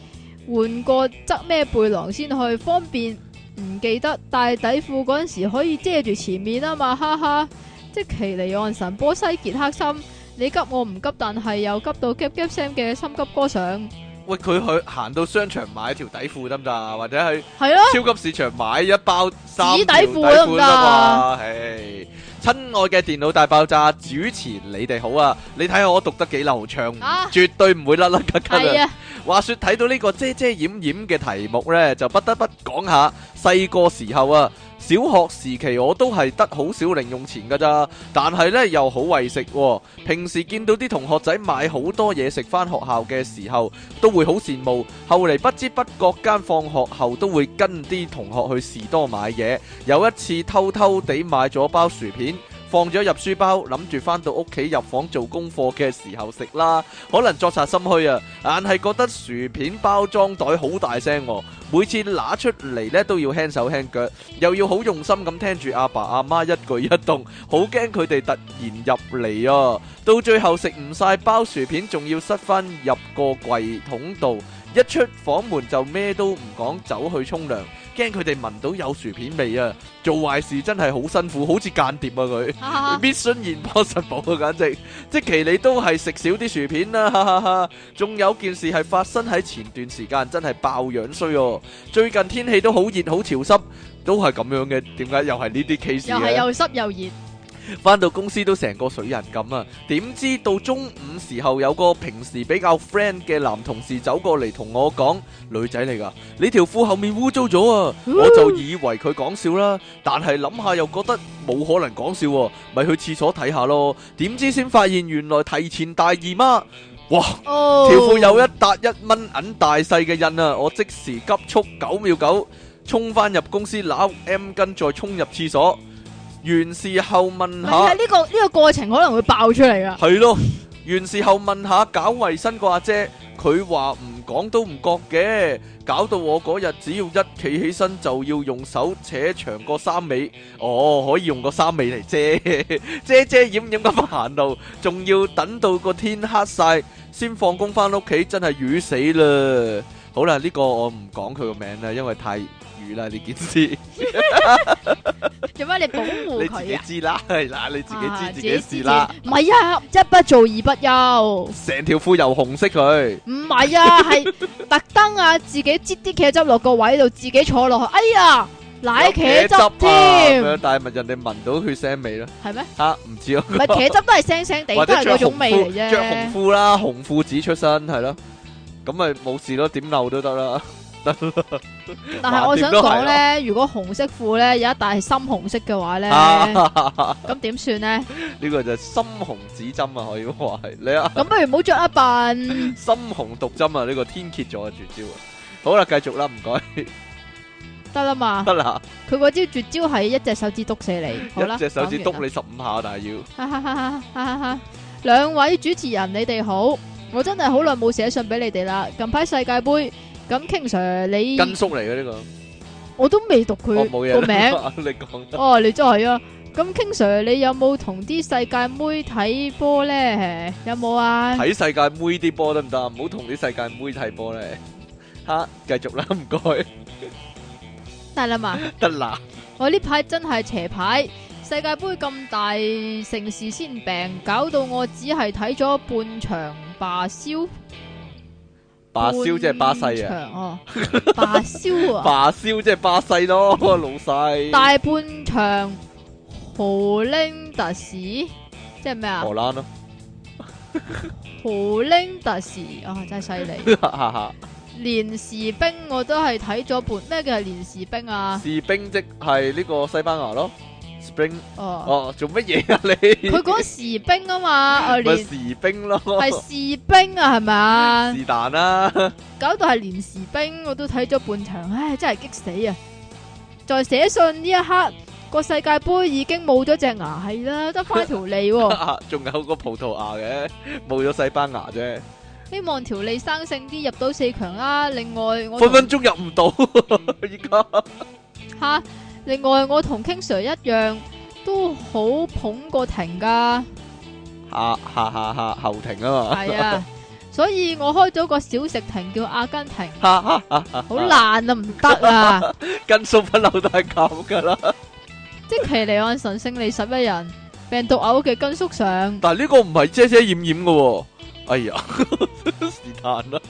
換個執咩背囊先去方便，唔記得帶底褲嗰陣時可以遮住前面啊嘛，哈哈！積淇離岸神波西傑克森，你急我唔急，但係又急到 gap gap 聲嘅心急歌上。喂，佢去行到商場買條底褲得唔得？或者去係咯超級市場買一包紙底褲得唔得啊？誒、親、哎、愛嘅電腦大爆炸主持，你哋好啊！你睇下我讀得幾流暢，絕對唔會甩甩咳咳。啊！ [LAUGHS] 話說睇到呢個遮遮掩掩嘅題目呢，就不得不講下細個時候啊。小學時期我都係得好少零用錢噶咋，但係呢又好為食啊。平時見到啲同學仔買好多嘢食返學校嘅時候，都會好羨慕。後嚟不知不覺間放學後都會跟啲同學去士多買嘢。有一次偷偷地買咗包薯片。放咗入書包，諗住返到屋企入房做功課嘅時候食啦。可能作賊心虛啊，硬係覺得薯片包裝袋好大聲啊，每次拿出嚟咧都要輕手輕腳，又要好用心咁聽住阿爸阿媽一舉一動，好驚佢哋突然入嚟啊！到最後食唔晒包薯片，仲要塞翻入個櫃桶度，一出房門就咩都唔講，走去沖涼。驚佢哋聞到有薯片味啊！做壞事真係好辛苦，好似間諜啊佢。 [LAUGHS] Mission impossible 啊，簡直即其你都係食少啲薯片啦。仲有件事係發生喺前段時間，真係爆樣衰哦、啊！最近天氣都好熱好潮濕，都係咁樣嘅。點解又係呢啲 case 又係又濕又熱。翻到公司都成個水人咁啊！點知到中午時候，有個平時比較 friend 嘅男同事走過嚟同我講，女仔嚟噶，你條褲後面污糟咗啊！我就以為佢講笑啦，但係諗下又覺得冇可能講笑，咪去廁所睇下咯。點知先發現原來提前大姨媽，哇，條褲有一笪一蚊銀大細嘅印啊！我即時急速九秒九沖翻入公司攞 M 巾，再沖入廁所。完事後問下，呢個呢個過程可能會爆出嚟㗎。係咯，完事後問下搞衛生個阿姐，佢話唔講都唔覺嘅，搞到我嗰日只要一企起身就要用手扯長個衫尾。哦，可以用個衫尾嚟遮遮遮掩掩咁行路，仲要等到個天黑晒先放工返屋企，真係瘀死啦！好啦，呢個我唔講佢個名啦，因為太。啦！呢件事做咩？你保護佢啊？你自己知啦，係啦，你自己知自己事啦。唔係啊，一不做二不休，成條褲又紅色佢。唔係啊，係特登啊，自己擠啲茄汁落個位度，自己坐落去。哎呀，奶茄汁添。但係咪人哋聞到血腥味咯，係咩？吓，唔知啊。唔係茄汁都係腥腥地，都係嗰種味嚟啫。着紅褲啦，紅褲子出身係咯，咁咪冇事咯，點漏都得啦。得啦，但係我想講咧，如果紅色褲咧有一帶係深紅色嘅話咧，咁點算咧？呢個就深紅指針啊，可以話係你啊。咁不如唔好着一扮深紅毒針啊！呢個天蠍座嘅絕招啊！好啦，繼續啦，唔該，得啦嘛，得啦。佢嗰招絕招係一隻手指篤死你，一隻手指篤你十五下，但係要。哈哈哈！哈哈哈！兩位主持人，你哋好，我真係好耐冇寫信俾你哋啦。近排世界杯。咁 King Sir，跟送嚟嘅呢個，我都未讀佢個名。你講哦，你真係啊！咁 King Sir，你有冇同啲世界妹睇波咧？有冇啊？睇世界妹啲波得唔得？唔好同啲世界妹睇波咧。吓，繼續啦，唔該。得啦嘛，得啦。我呢排真係邪牌，世界杯咁大城市先病，搞到我只係睇咗半場罷燒。巴西即係 [LAUGHS] 巴西， [LAUGHS] 巴西蘭啊！哦，巴西啊！巴西即係巴西咯，老細。大半場，胡靈達士即係咩啊？荷蘭咯。胡靈達士啊，真係犀利！哈連士兵我都係睇咗半，咩叫係連士兵啊？士兵即係呢個西班牙咯。兵哦哦做乜嘢啊你佢講士兵啊嘛哦連士兵咯係士兵啊係咪是但啦搞到係連士兵我都睇咗半場唉真係激死啊在寫信呢一刻個世界杯已經冇咗隻牙係啦得返條脷仲有,、啊、 [LAUGHS] 有個葡萄牙嘅冇咗西班牙啫希望條脷生性啲入到四強啦、啊、另外我分分鐘入唔到而家吓。 [LAUGHS] 另外，我同 King Sir 一樣都好捧過庭噶，下下下下後庭啊嘛，係 [LAUGHS] 啊，所以我開咗個小食亭叫阿根廷， [LAUGHS] [LAUGHS] 好爛啊，唔得啊， [LAUGHS] 根叔不嬲都係咁噶啦， [LAUGHS] 積淇離岸神勝利十一人病毒嘔嘅根叔上， [LAUGHS] 但係呢個唔係遮遮掩掩噶。哎呀，是但啦，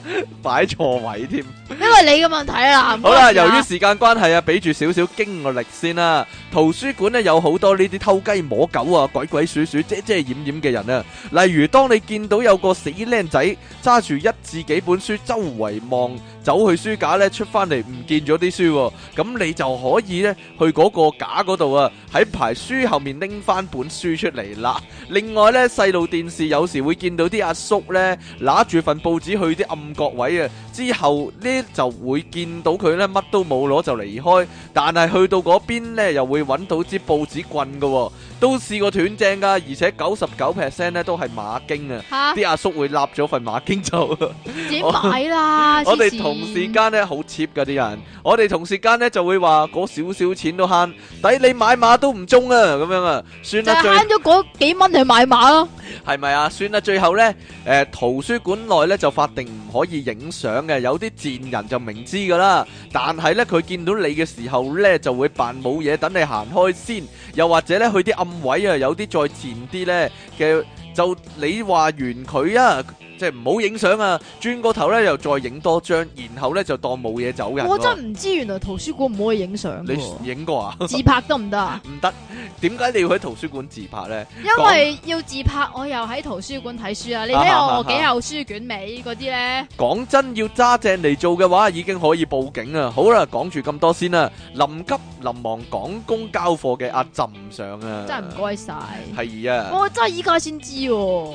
擺 [LAUGHS] 錯位添， [LAUGHS] 因為你嘅問題啊。好啦，由於時間關係啊，俾住少少驚我力先啦，啊。圖書館呢，有好多呢啲偷雞摸狗啊、鬼鬼祟祟祟、遮遮掩掩嘅人啊，例如當你見到有個死靚仔揸住一至幾本書周圍望。走去書架呢，出翻嚟唔見咗啲書，咁你就可以呢，去嗰個架嗰度啊，喺排書後面拎翻本書出嚟啦。 [LAUGHS] 另外呢，細路電視有時會見到啲阿叔呢，攞住份報紙去啲暗角位啊，之後呢就會見到佢呢乜都冇攞就離開，但係去到嗰邊呢又會揾到支報紙棍㗎。都試過斷正噶，而且九十九 percent 咧都係馬經啊！啲阿叔會揦咗份馬經就，自己買啦。我哋同時間咧好 cheap 噶啲人，我哋同事間咧就會話嗰少少錢都慳，抵你買馬都唔中啊！咁樣啊，算啦，慳咗嗰幾蚊去買馬咯，係咪啊？算啦，最後咧，誒圖書館內咧就法定唔可以影相嘅，有啲賤人就明知噶啦，但係咧佢見到你嘅時候咧就會扮冇嘢，等你行開先，又或者咧去啲暗位啊，有啲再前啲咧嘅。就你話完佢啊，即係唔好影相啊！轉個頭咧，又再影多張，然後咧就當冇嘢走人、啊。我真唔知原來圖書館唔可以影相、啊。你影過啊？自拍得唔得啊？唔得，點解你要喺圖書館自拍咧？因為要自拍，我又喺圖書館睇書啊！你睇我幾有、啊啊啊啊、書卷味嗰啲咧？講真，要揸正嚟做嘅話，已經可以報警啊！好啦，講住咁多先啦、啊。臨急臨忙趕工交貨嘅阿浸上啊！真係唔該晒。係啊！我真係依家先知。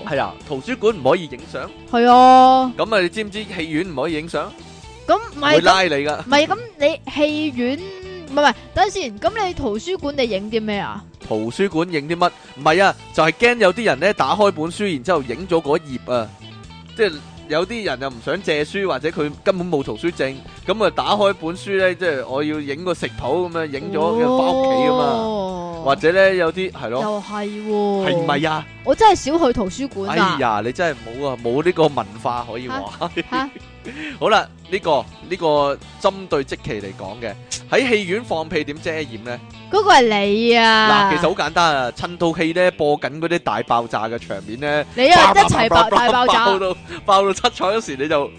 係啊，圖書館唔可以影相。係啊。咁啊，你知唔知戲院唔可以影相？咁唔會拉你噶。唔係，咁你戲院唔係唔係？等陣先。咁你圖書館你影啲咩啊？圖書館影啲乜？唔係啊，就係驚有啲人咧打開本書，然之後影咗嗰頁啊，即係。有啲人又唔想借書，或者佢根本冇圖書證，咁啊，打開本書咧，即係我要影個食譜咁樣影咗返屋企啊嘛，或者咧有啲係咯，又係係唔係啊？我真係少去圖書館。哎呀，你真係冇啊，冇呢個文化可以話。好啦，呢個呢個針對即期嚟講嘅，喺戲院放屁點遮掩咧？嗰個係你啊！嗱，其實好簡單啊，趁套戲咧播緊嗰啲大爆炸嘅場面咧，你啊一齊爆大爆炸，爆到七彩嗰時你就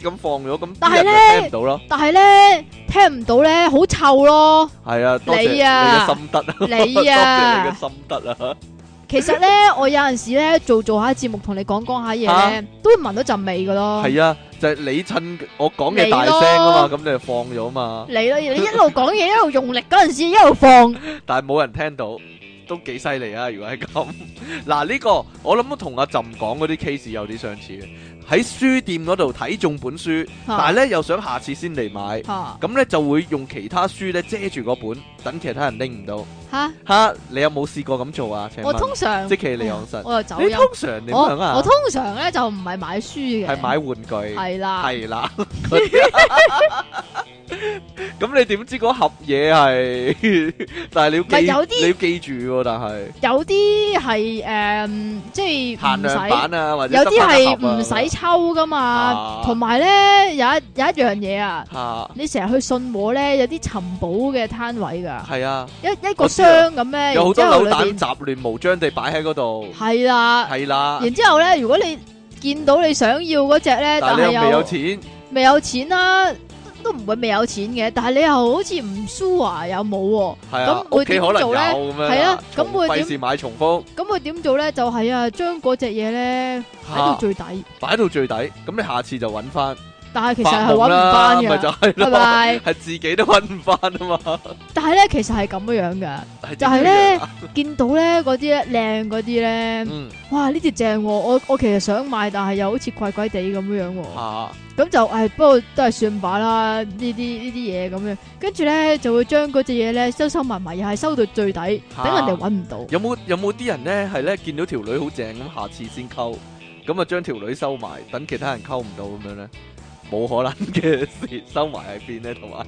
咁放咗，咁但係咧聽唔到咯，但係咧聽唔到咧好臭咯，係啊，你啊，你嘅心得，你啊，多謝你嘅心得啊。其實咧，我有陣時咧做做下節目說說下，同你講講下嘢咧，都會聞到陣味噶咯。係啊，就係、是、你趁我講嘢大聲啊嘛，咁你，咯你就放咗嘛。你咯，你一路講嘢一路用力嗰陣時，一路放。但係冇人聽到，都幾犀利啊！如果係咁，嗱 [LAUGHS] 呢、這個我諗都同阿朕講嗰啲 case 有啲相似嘅。喺書店嗰度睇中本書，啊、但係咧又想下次先嚟買，咁咧、啊、就會用其他書咧遮住嗰本，等其他人拎唔到。吓，你有冇試過咁做啊？我通常積淇離岸神，呃，我又走音。我通常點樣啊？我通常咧就唔係買書嘅，係買玩具。係啦，係啦。咁你點知嗰盒嘢係，但係你要記，你要記住但係有啲係誒即係限量版啊，或者有啲係唔使抽噶嘛。同埋咧，有一有一樣嘢啊，你成日去信和咧有啲尋寶嘅攤位㗎。係啊，一一個箱。咁咧，樣，有好多扭蛋，然之後亂雜亂無章地擺喺嗰度，係啦、啊，係啦、啊。然之後咧，如果你見到你想要嗰隻咧，但係又未有錢，未有錢啦、啊，都唔會未有錢嘅。但係你又好似唔舒華又冇，係啊，咁屋企可能做咧，係啊，咁我費事買重複。咁佢點做咧？就係、是、啊，將嗰隻嘢咧擺到最底，擺到、啊、最底。咁你下次就揾翻。但係其實係搵唔翻嘅，拜拜，係自己都搵唔翻啊嘛。但係咧，其實係咁樣樣嘅，就係咧見到咧嗰啲靚嗰啲咧，哇呢隻正喎，我我其實想買，但係又好似怪怪地咁樣樣喎。咁就誒，不過都係算罷啦。呢啲呢啲嘢咁樣，跟住咧就會將嗰隻嘢咧收收埋埋，又係收到最底，等人哋搵唔到。有冇有冇啲人咧係咧見到條女好正咁，下次先溝咁啊，將條女收埋，等其他人溝唔到咁樣咧？冇可能嘅事，收埋喺邊咧，同埋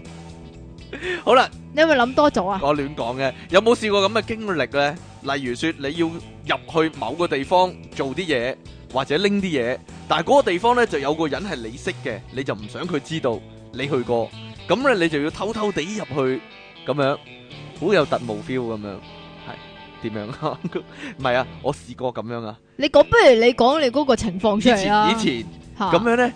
好啦。你有冇諗多咗啊？我亂講嘅，有冇試過咁嘅經歷咧？例如說，你要入去某個地方做啲嘢，或者拎啲嘢，但係嗰個地方咧就有個人係你識嘅，你就唔想佢知道你去過，咁咧你就要偷偷地入去，咁樣好有特務 feel 咁樣，係點樣啊？唔係啊，我試過咁樣啊。你講，不如你講你嗰個情況先啊。以前，以前咁樣咧。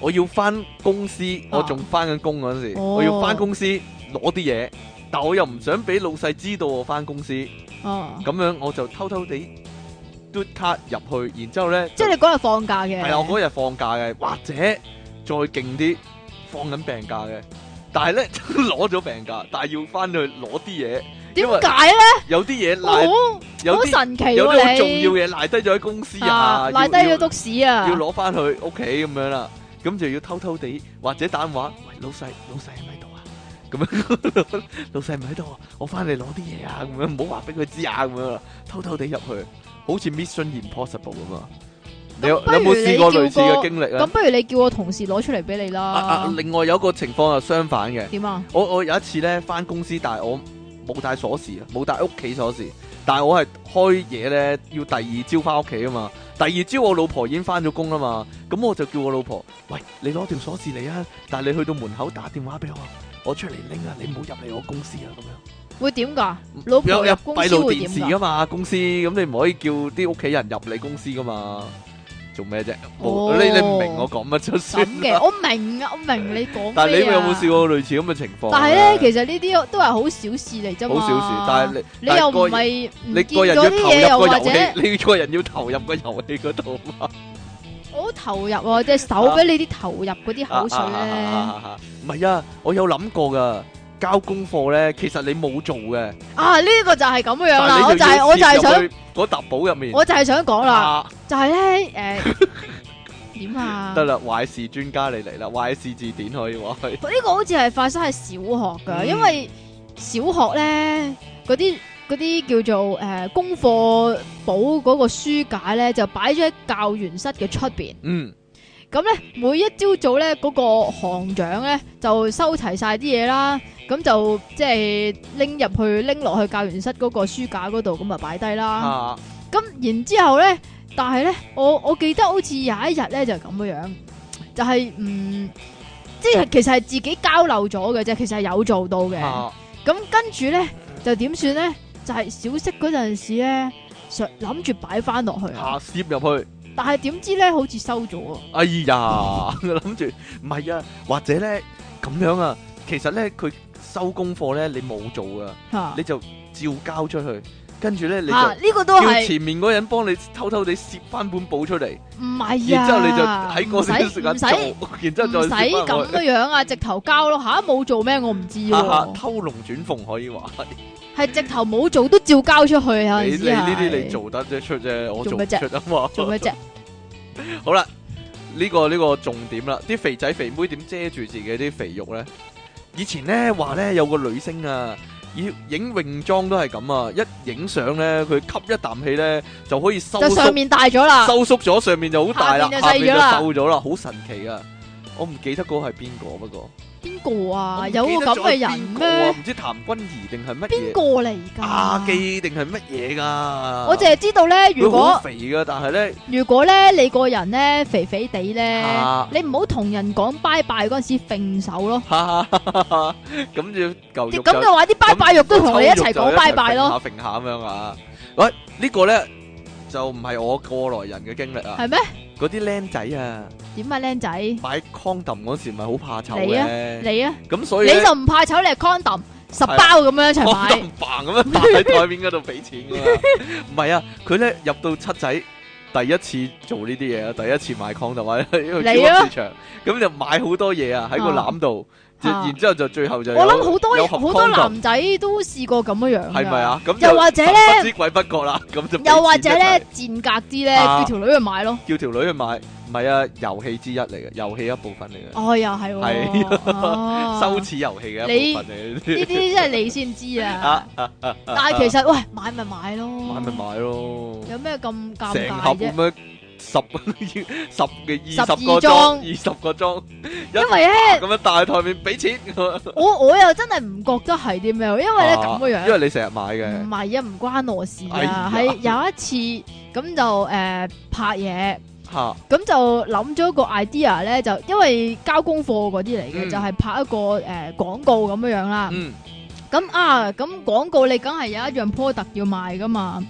我要翻公司，我仲翻緊工嗰陣時，我要翻公司攞啲嘢，但係我又唔想俾老細知道我翻公司，咁樣我就偷偷地嘟卡入去，然之後咧，即係你嗰日放假嘅？係啊，我嗰日放假嘅，或者再勁啲，放緊病假嘅，但係咧攞咗病假，但係要翻去攞啲嘢，點解咧？有啲嘢賴，有好神奇，有啲重要嘢賴低咗喺公司啊，賴低咗督屎啊，要攞翻去屋企咁樣啦。咁就要偷偷地或者打電話，喂，老細老細係咪喺度啊？咁樣老細唔喺度啊，我翻嚟攞啲嘢啊，咁樣唔好話俾佢知啊，咁樣偷偷地入去，好似 Mission Impossible 咁啊。你，不你有有冇試過類似嘅經歷啊？咁不如你叫我同事攞出嚟俾你啦，啊啊。另外有一個情況又相反嘅。點啊？我我有一次咧翻公司，但係我冇帶鎖匙啊，冇帶屋企鎖匙，但係我係開嘢咧，要第二朝翻屋企啊嘛。第二朝我老婆已經翻咗工啦嘛，咁我就叫我老婆，喂，你攞條鎖匙嚟啊！但係你去到門口打電話俾我，我出嚟拎啊！你唔好入嚟我公司啊！咁樣會點噶？老婆入公司會點啊？有閉路電視噶嘛？公司咁你唔可以叫啲屋企人入你公司噶嘛？做咩啫？你你唔明我講乜出先？我明啊，我明你講、啊。 [LAUGHS] 但係你有冇試過類似咁嘅情況？但係咧，其實呢啲都係好小事嚟啫，好小事，但係你你又唔係你見咗啲嘢，又或者你個人要投入個遊戲嗰度嘛？者投我好投入啊，即係手畀你啲投入嗰啲口水咧。唔係 [LAUGHS] [LAUGHS] [LAUGHS] [LAUGHS] [LAUGHS] [LAUGHS] [LAUGHS] 啊，我有諗過噶。交功課咧，其實你冇做嘅。啊，呢、這個就係咁樣啦，就我就係、是、我就係想嗰沓簿入面，我、啊、就係想講啦，就係咧誒，點 [LAUGHS] 啊？得啦，壞事專家你嚟啦，壞事字典可以話佢。呢個好似係發生喺小學噶，嗯、因為小學咧嗰啲嗰啲叫做誒、呃、功課簿嗰個書架咧，就擺咗喺教員室嘅出邊。嗯。咁咧，每一朝早咧，嗰個行長咧就收齊晒啲嘢啦，咁就即係拎入去拎落去教員室嗰個書架嗰度，咁啊擺低啦。咁然之後咧，但係咧，我我記得好似有一日咧就咁樣樣，就係嗯，即係其實係自己交流咗嘅啫，其實係有做到嘅。咁跟住咧就點算咧？就係小息嗰陣時咧想諗住擺翻落去。下攝入去。但係點知咧，好似收咗啊！哎呀，諗住唔係啊，或者咧咁樣啊，其實咧佢收功課咧，你冇做啊，你就照交出去，跟住咧你就要前面嗰人幫你偷偷地攝翻本簿出嚟，唔係啊，然之後你就喺嗰段時間做，然之後再唔使咁嘅樣啊，直頭交咯吓，冇做咩我唔知，偷龍轉鳳可以話。係直頭冇做都照交出去，有陣時啊！你你呢啲你做得啫出啫，我做唔出啊嘛！做乜啫？好啦，呢個呢個重點啦，啲肥仔肥妹點遮住自己啲肥肉咧？以前咧話咧有個女星啊，要影泳裝都係咁啊，一影相咧，佢吸一啖氣咧就可以收，就上面大咗啦，收縮咗上面就好大啦，下面就瘦咗啦，好神奇啊！我唔記得嗰個係邊個，不過。邊個啊？有個咁嘅人咩？我唔知譚君儀定係乜嘢？邊個嚟噶？阿記定係乜嘢噶？我淨係知道咧。如果肥噶，但係咧，如果咧你個人咧肥肥地咧，你唔好同人講拜拜嗰陣時揈手咯。哈哈哈！咁住舊嘢。咁嘅話，啲拜拜肉都同你一齊講拜拜咯。下揈下咁樣啊？喂，呢個咧就唔係我過來人嘅經歷啊？係咩？嗰啲僆仔啊，點啊僆仔買 condom 嗰時咪好怕醜？你啊，你啊，咁所以你就唔怕醜？你係 condom 十包咁樣一齊買，咁樣擺喺台面嗰度俾錢㗎嘛？唔係 [LAUGHS] 啊，佢咧入到七仔第一次做呢啲嘢啊，第一次買 condom 啊，因為超級市場咁就買好多嘢啊，喺個攬度。嗯。然之後就最後就我諗好多好多男仔都試過咁樣樣，係咪啊？咁又或者咧，不知鬼不覺啦，咁就又或者咧，賤格啲咧，叫條女去買咯，叫條女去買，唔係啊，遊戲之一嚟嘅，遊戲一部分嚟嘅，哦，又係，係，羞恥遊戲嘅，你呢啲真係你先知啊，但係其實喂，買咪買咯，買咪買咯，有咩咁尷尬？十二十嘅二十個鐘，二十個鐘，因為咧咁樣大台面錢，俾 [LAUGHS] 錢我我又真係唔覺得係啲咩，因為咧咁嘅樣，因為你成日買嘅，唔係啊，唔樣、啊、關我事啊，係、哎、呀有一次咁就誒、呃、拍嘢，吓咁、啊、就諗咗個 idea 咧，就因為交功課嗰啲嚟嘅，嗯、就係拍一個誒廣、呃、告咁樣樣啦，咁、嗯、啊咁廣告你梗係有一樣 product 要賣噶嘛。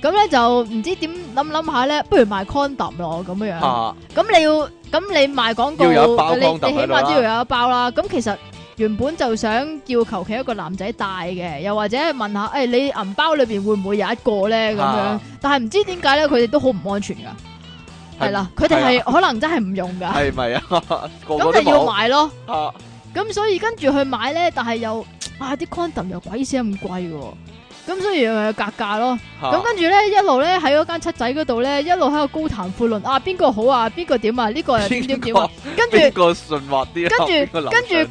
咁咧就唔知點諗諗下咧，不如賣 condom 咯咁樣。啊！咁你要咁你賣廣告，你你起碼都要有一包啦。咁其實原本就想叫求其一個男仔戴嘅，又或者問下誒你銀包裏邊會唔會有一個咧咁樣？但係唔知點解咧，佢哋都好唔安全㗎。係啦，佢哋係可能真係唔用㗎。係咪啊？咁就要買咯。啊！咁所以跟住去買咧，但係又啊啲 condom 又鬼死咁貴喎。咁所以誒格價咯，咁跟住咧一路咧喺嗰間七仔嗰度咧，一路喺度高談闊論啊邊個好啊邊個點啊呢個又點點點啊，跟住跟住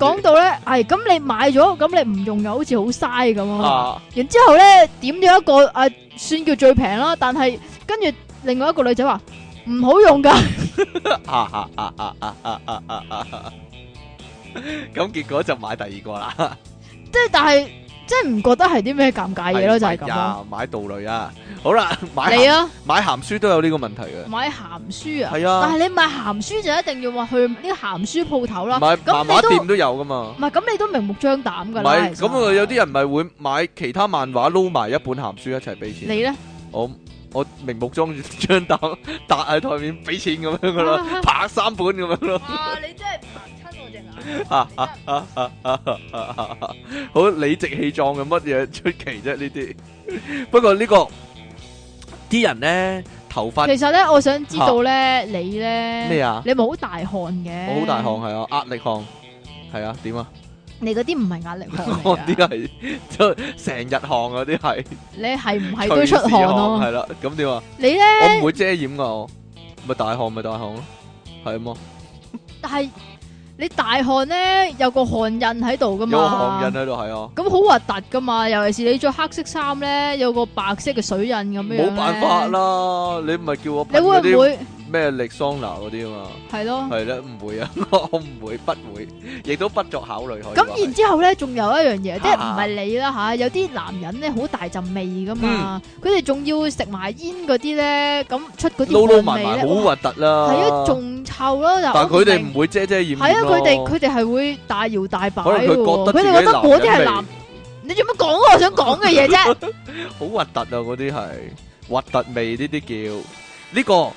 講到咧，係咁你買咗咁你唔用又好似好嘥，咁啊，然之後咧點咗一個誒算叫最平啦，但係跟住另外一個女仔話唔好用噶，啊啊啊啊啊啊啊啊，咁結果就買第二個啦，即係但係。即係唔覺得係啲咩尷尬嘢咯，就係咁咯。買道女啊，好啦，買你啊，買鹹書都有呢個問題嘅。買鹹書啊，但係你買鹹書就一定要話去呢個鹹書鋪頭啦。買漫畫店都有噶嘛？唔係，咁你都明目張膽㗎啦。唔係，咁啊有啲人唔係會買其他漫畫撈埋一本鹹書一齊俾錢。你咧？我我明目張張膽笪喺台面俾錢咁樣噶啦，拍三本咁樣咯。啊！你真係～ [LAUGHS] 好理直氣壯嘅，乜嘢出奇啫？呢啲 [LAUGHS] 不過、這個、呢個啲人咧，頭髮其實咧，我想知道咧，你咧咩啊？你冇呢麼大汗嘅，我好大汗係啊，壓力汗係啊，點啊？你嗰啲唔係壓力汗，啲係成成日汗嗰啲係。你係唔係都出汗咯？係啦，咁點啊？啊樣樣啊你咧呢我唔會遮掩噶，咪大汗咪大汗咯，係啊嘛？但係、啊。 [LAUGHS] [LAUGHS] 你大汗咧有個汗印喺度㗎嘛？有汗印喺度係啊，咁好核突㗎嘛！尤其是你着黑色衫咧，有個白色嘅水印咁樣，冇辦法啦！你唔係叫我，你會唔會？咩力桑拿嗰啲啊嘛，係咯，係咧，唔會啊，我唔會，不會，亦都不作考慮去。咁然之後咧，仲有一樣嘢，即係唔係你啦吓，有啲男人咧好大陣味噶嘛，佢哋仲要食埋煙嗰啲咧，咁出嗰啲。囉囉麻麻，好核突啦，係啊，仲臭咯又。但係佢哋唔會遮遮掩掩咯。係啊，佢哋佢哋係會大搖大擺嘅，佢哋覺得嗰啲係男。你做乜講我想講嘅嘢啫？好核突啊！嗰啲係核突味呢啲叫呢個。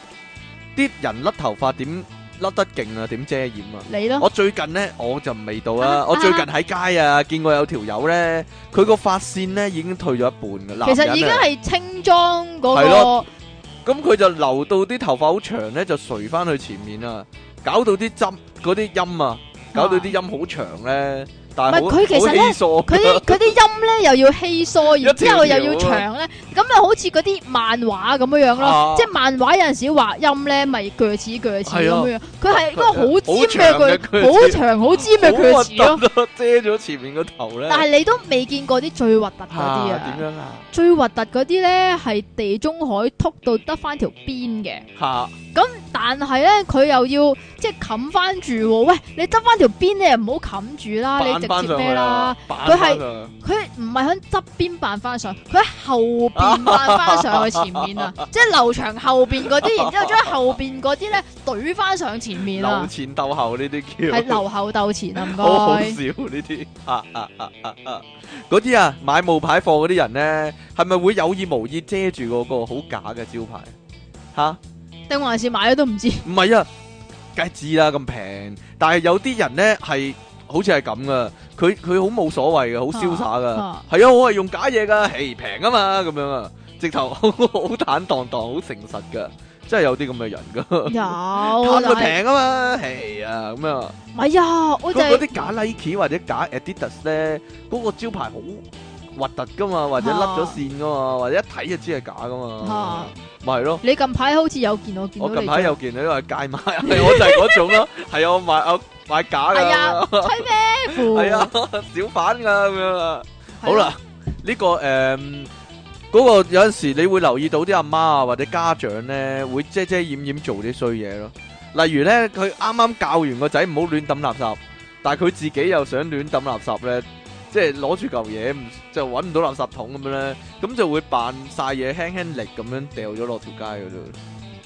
啲人甩頭髮點甩得勁啊？點遮掩啊？你咯， [NOISE] 我最近咧，我就未到啦。 [NOISE] 我最近喺街啊，見過有條友咧，佢個髮線咧已經退咗一半㗎喇。其實已經係青裝嗰個，係咯，咁佢就留到啲頭髮好長咧，就垂翻去前面啊，搞到啲針嗰啲音啊，搞到啲音好長咧。 [NOISE] 唔係佢其實咧，佢啲佢啲音咧又要稀疏，然之後又要長咧，咁啊好似嗰啲漫畫咁樣樣咯，即係漫畫有陣時畫音咧，咪鋸齒鋸齒咁樣。佢係一個好尖嘅鋸，好長好尖嘅鋸齒咯。遮咗前面個頭咧。但係你都未見過啲最核突嗰啲啊？點樣啊？最核突嗰啲咧係地中海禿到得翻條邊嘅。嚇！咁但係咧佢又要即係冚翻住，喂，你得翻條邊你又唔好冚住啦，你。直接咩啦？佢係佢唔係喺側邊扮翻上，上，上，佢喺後邊扮翻上去前面啊！即係留長後邊嗰啲，然之後將後邊嗰啲咧懟翻上前面啊！前斗後呢啲叫係留後斗前啊！唔該，好好笑呢啲嗰啲啊買冒牌貨嗰啲人咧，係咪會有意無意遮住嗰個好假嘅招牌吓？定、啊、還是買咗都唔知？唔係啊，梗係知啦，咁平。但係有啲人咧係。好似係咁噶，佢佢好冇所謂噶，好瀟灑噶，係啊，啊，啊，我係用假嘢噶，嘿平啊嘛，咁樣啊，直頭好坦蕩蕩，好誠實噶，真係有啲咁嘅人噶，有貪佢平啊嘛，嘿啊咁啊。係啊，我哋嗰啲假 Nike 或者假 Adidas 咧，嗰、嗰個招牌好核突噶嘛，或者甩咗線噶嘛，啊、或者一睇就知係假噶嘛。啊啊咪係咯！你近排好似有見我見到我近排有見你話街買， [LAUGHS] 我就係嗰種咯、啊。係 [LAUGHS] 我買啊買假嘅，係啊、哎呀，吹咩係啊， [LAUGHS] [LAUGHS] 小販噶咁樣啊。 [LAUGHS] 的好啦，呢、這個誒，嗰、嗯那個有陣時你會留意到啲阿媽啊或者家長咧會遮遮掩掩做啲衰嘢咯。例如咧，佢啱啱教完個仔唔好亂抌垃圾，但係佢自己又想亂抌垃圾咧。即係攞住嚿嘢，就揾唔到垃圾桶咁樣咧，咁就會扮晒嘢，輕輕力咁樣掉咗落條街嗰度，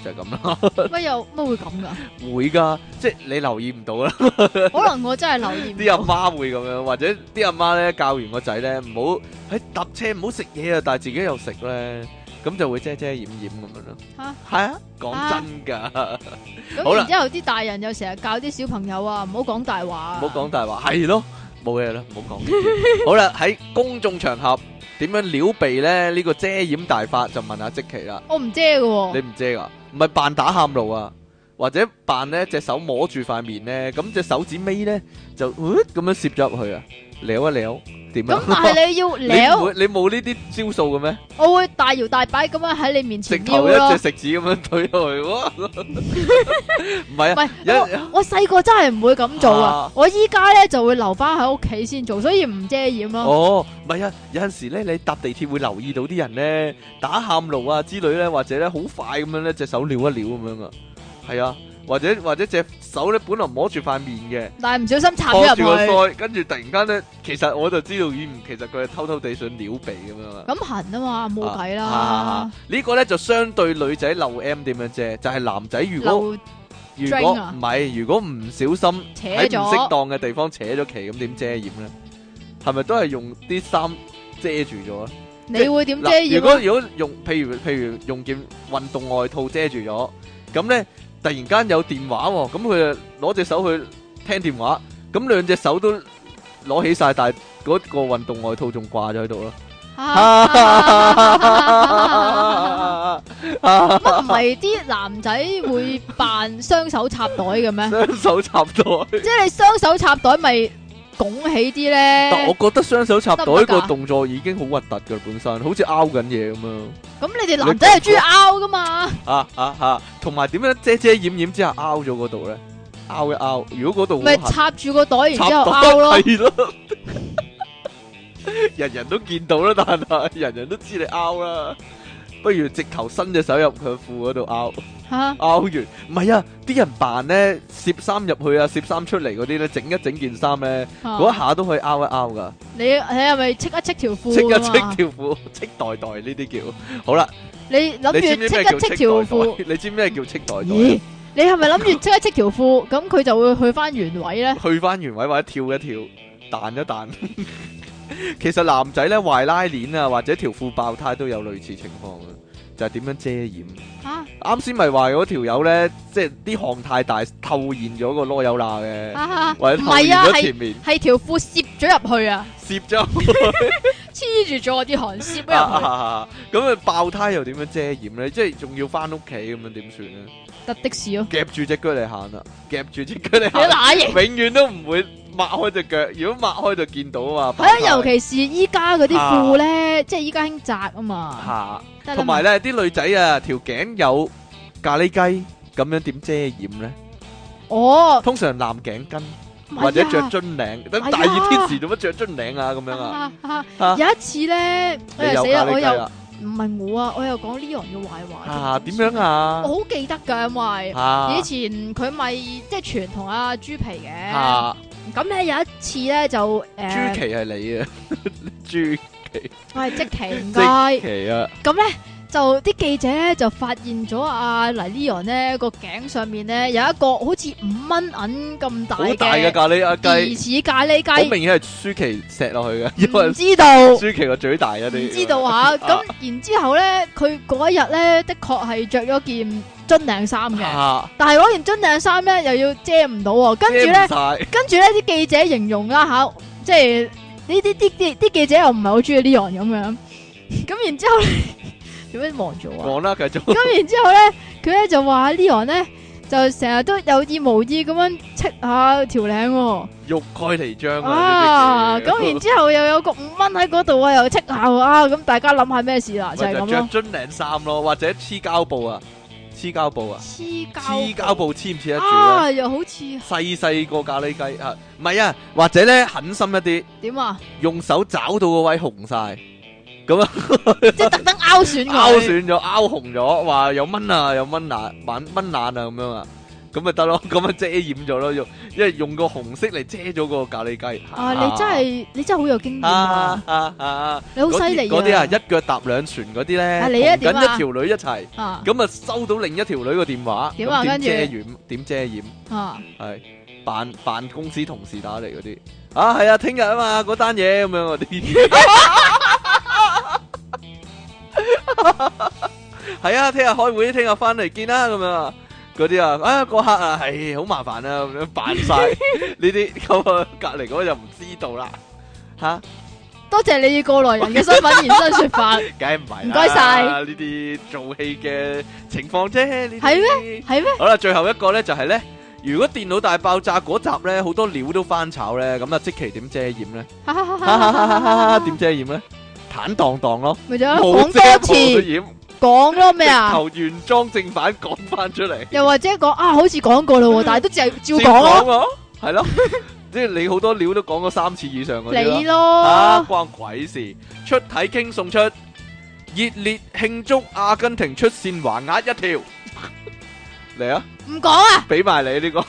就係咁啦。乜有乜會咁噶？ [LAUGHS] 會噶，即係你留意唔到啦。 [LAUGHS] 可能我真係留意唔到。啲阿媽會咁樣，或者啲阿媽咧教完個仔咧唔好喺搭車唔好食嘢啊，但係自己又食咧，咁就會遮遮掩掩咁樣咯。嚇係哈啊，講真㗎。好啦，然之後啲大人有成日教啲小朋友啊，唔好講大話。唔好講大話，係咯。冇嘢啦，唔 [LAUGHS] 好講。好啦，喺公眾場合點樣撩鼻咧？呢、這個遮掩大法就問下即奇啦。我唔遮噶、哦，你唔遮噶？唔係扮打喊路啊，或者扮咧隻手摸住塊面咧，咁隻手指尾咧就咁、呃、樣攝咗入去啊。撩一撩，點啊？咁但係你要撩， [LAUGHS] 你冇呢啲招數嘅咩？ [LAUGHS] 我會大搖大擺咁樣喺你面前撩咯，食一隻食指咁樣推落去。唔係，唔係，我我細個真係唔會咁做啊！啊我依家咧就會留翻喺屋企先做，所以唔遮掩啦。哦，唔係啊，有陣時咧你搭地鐵會留意到啲人咧打喊路啊之類咧，或者咧好快咁樣咧隻手撩一撩咁樣啊，係啊。或者或者隻手咧本來摸住塊面嘅，但係唔小心插咗入去，跟住突然間咧，其實我就知道，咦,其實佢係偷偷地想撩鼻咁樣啊！咁痕啊嘛,冇計啦！呢個咧就相對女仔漏 M 點樣遮，就係男仔如果如果唔係如果唔小心扯咗唔適當嘅地方扯咗旗，咁點遮掩咧？係咪都係用啲衫遮住咗？你會點遮掩？如果如果用，譬如譬如用件運動外套遮住咗，咁咧？突然間有電話，咁佢就攞隻手去聽電話，咁兩隻手都攞起晒，但係嗰個運動外套仲掛咗喺度咯。乜唔係啲男仔會扮雙手插袋嘅咩？雙手插袋，即係你雙手插袋咪？拱起啲咧，但我覺得雙手插袋一個動作已經好核突噶，本身好似拗緊嘢咁樣！咁你哋男仔係鍾意拗噶嘛？啊啊啊！同埋點樣遮遮掩掩，掩之下拗咗嗰度咧？拗一拗，如果嗰度咪插住個袋然後，然之後拗咯， [LAUGHS] 人人都見到啦，但係人人都知你拗啦。不如直頭伸隻手入佢褲嗰度拗吓，拗完唔係啊，啲人扮咧，攝衫入去啊，攝衫出嚟嗰啲咧，整一整件衫咧，嗰下都可以拗一拗噶。你你係咪戚一戚條褲？戚一戚條褲，戚袋袋呢啲叫。好啦，你諗住戚一戚條褲，你知咩叫戚袋袋？咦，你係咪諗住戚一戚條褲？咁佢就會去翻原位咧？去翻原位或者跳一跳，彈一彈。其實男仔咧，壞拉鏈啊，或者條褲爆胎都有類似情況嘅，就係點樣遮掩？啊！啱先咪話嗰條友咧，即係啲汗太大透現咗個囉柚罅嘅，或者透現咗前面，係條褲攝咗入去啊！攝咗塞了笑 [LAUGHS] 黐住咗我啲汗攝入去。咁啊，啊，啊，啊，啊、嗯，爆胎又點樣遮掩咧？即係仲要返屋企咁樣點算咧？呢得的士咯，夾住隻腳嚟行啊，夾住隻腳嚟行，永遠都唔會。擘開隻腳，如果擘開就見到啊嘛。啊，尤其是依家嗰啲褲咧，即係依家興窄啊嘛。吓，同埋咧啲女仔啊，條頸有咖喱雞咁樣，點遮掩咧？哦，通常攬頸巾或者着樽領，咁大熱天時做乜着樽領啊？咁樣啊？有一次咧，我又死我又唔係我啊，我又講呢樣人嘅壞話。啊，點樣啊？我好記得噶，因為以前佢咪即係傳同阿豬皮嘅。咁咧有一次咧就誒、呃 [LAUGHS] 哎，舒淇係你啊，舒淇，我係即奇唔該。即奇啊！咁咧就啲記者咧就發現咗阿、啊、黎尼昂咧個頸上面咧有一個好似五蚊銀咁大嘅，好大嘅咖喱鴨、啊、雞，似咖喱雞，咁明顯係舒淇錫落去嘅，因為唔知道。舒淇個嘴大啊，你唔知道嚇？咁然之後咧，佢嗰一日咧的確係着咗件。樽領衫嘅，但係攞件樽領衫咧又要遮唔到，跟住咧，跟住咧啲記者形容啦吓，即係呢啲啲記啲記者又唔係好中意 Leon 咁樣。咁然之後做咩望住我？講啦，繼續。咁然之後咧，佢咧就話 Leon 咧就成日都有意無意咁樣戚下條領，欲蓋彌彰啊！咁然之後又有個五蚊喺嗰度啊，又戚下啊，咁大家諗下咩事啦，就係咁咯。着樽領衫咯，或者黐膠布啊。.黐膠布啊！黐膠黐膠布黐唔黐得住啊！又好似細細個咖喱雞啊，唔係啊，或者咧狠心一啲，點啊？用手找到嗰位紅晒，咁啊，即係特登勾損佢，勾損咗，勾紅咗，話有蚊啊，有蚊乸，蚊蚊乸啊，咁樣啊！咁咪得咯，咁咪遮掩咗咯，用因為用個紅色嚟遮咗個咖喱雞。啊，你真係你真係好有經驗啊！啊啊啊！你好犀利！嗰嗰啲啊，一腳踏兩船嗰啲咧，同緊一條女一齊，咁啊收到另一條女個電話，點遮掩？點遮掩？係辦辦公室同事打嚟嗰啲啊，係啊，聽日啊嘛，嗰單嘢咁樣嗰啲。係啊，聽日開會，聽日翻嚟見啦，咁樣。嗰啲啊，啊嗰刻啊，唉，好麻煩啦，咁樣扮晒呢啲，咁啊隔籬嗰個就唔知道啦，吓，多謝你以過來人嘅身份現身說法。梗係唔係，唔該晒，呢啲做戲嘅情況啫，係咩？係咩？好啦，最後一個咧就係咧，如果電腦大爆炸嗰集，咧好多料都翻炒咧，咁啊即期點遮掩咧？哈哈哈哈哈哈哈哈，點遮掩咧？坦蕩蕩咯，為咗講多一次。講咯咩啊？求原裝正反講翻出嚟。又或者講啊，好似講過咯，但係都只係照講咯。係咯，即係你好多料都講咗三次以上嘅。你咯，啊關鬼事！出體 King 送出熱烈慶祝阿根廷出線橫額一條嚟啊！唔講啊！俾埋你呢個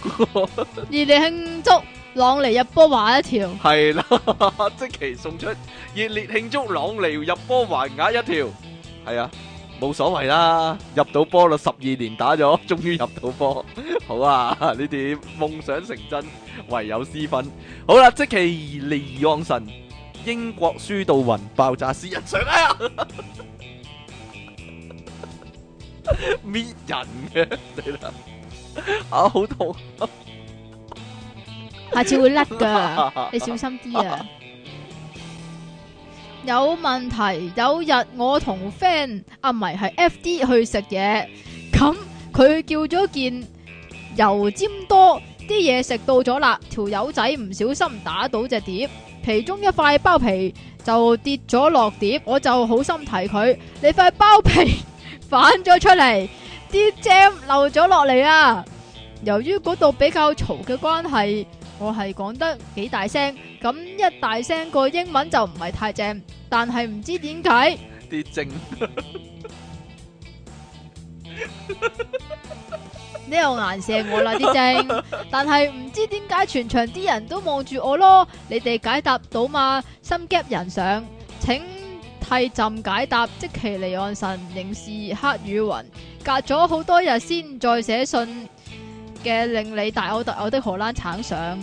熱烈慶祝朗尼入波橫額一條。係啦，即期送出熱烈慶祝朗尼入波橫額一條。係啊。冇所謂啦，入到波啦！十二年打咗，終於入到波， [LAUGHS] 好啊！呢啲夢想成真，唯有私分。好啦，啊，即淇離岸神，英國輸到暈，爆炸屎人上啊！搣 [LAUGHS] 人嘅嚟啦， [LAUGHS] 啊好痛啊！下次會甩噶， [LAUGHS] 你小心啲啊！有問題，有日我同 friend 啊，唔係，係 FD 去食嘢，咁佢叫咗件油占多啲嘢食到咗啦，條友仔唔小心打到隻碟，其中一塊包皮就跌咗落碟。我就好心提佢，你塊包皮反咗出嚟，啲 jam 流咗落嚟啊！由於嗰度比較嘈嘅關係。我係講得幾大聲，咁一大聲個英文就唔係太正，但係唔知點解啲正， [LAUGHS] 你又眼射我啦啲正， [LAUGHS] 但係唔知點解全場啲人都望住我咯，你哋解答到嘛？心急人上，請替朕解答，積淇離岸神仍是黑雨雲，隔咗好多日先再寫信。嘅令你大澳特我的荷蘭橙上，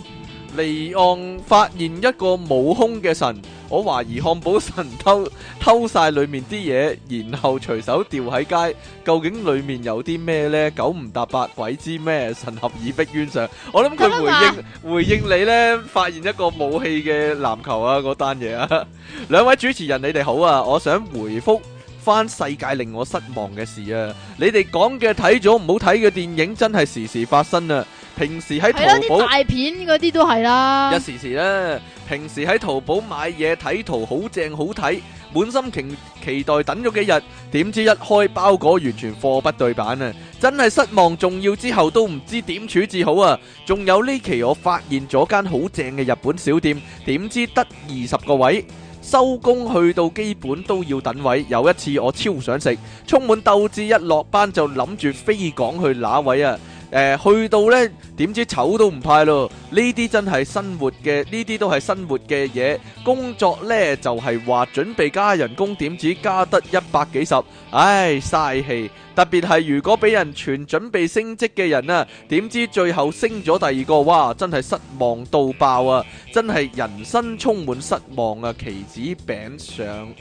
離岸發現一個冇胸嘅神，我懷疑漢堡神偷偷晒裏面啲嘢，然後隨手掉喺街。究竟裏面有啲咩咧？九唔搭八鬼知咩？神合以逼冤上，我諗佢回應回應你咧。發現一個冇氣嘅籃球啊，嗰單嘢啊，兩位主持人你哋好啊，我想回覆。翻世界令我失望嘅事啊！你哋講嘅睇咗唔好睇嘅電影真係時時發生啊！平時喺淘寶，係、啊、大片啲都係啦、啊。一時時啦，平時喺淘寶買嘢睇圖好正好睇，滿心期期待等咗幾日，點知一開包裹完全貨不對版啊！真係失望，仲要之後都唔知點處置好啊！仲有呢期我發現咗間好正嘅日本小店，點知得二十個位。收工去到基本都要等位，有一次我超想食，充滿鬥志，一落班就諗住飛港去那位啊！誒、呃，去到呢，點知丑都唔派咯。呢啲真係生活嘅，呢啲都係生活嘅嘢。工作呢，就係、是、話準備加人工，點知加得一百幾十，唉，嘥氣！特別係如果俾人全準備升職嘅人啊，點知最後升咗第二個，哇，真係失望到爆啊！真係人生充滿失望啊！棋子餅上，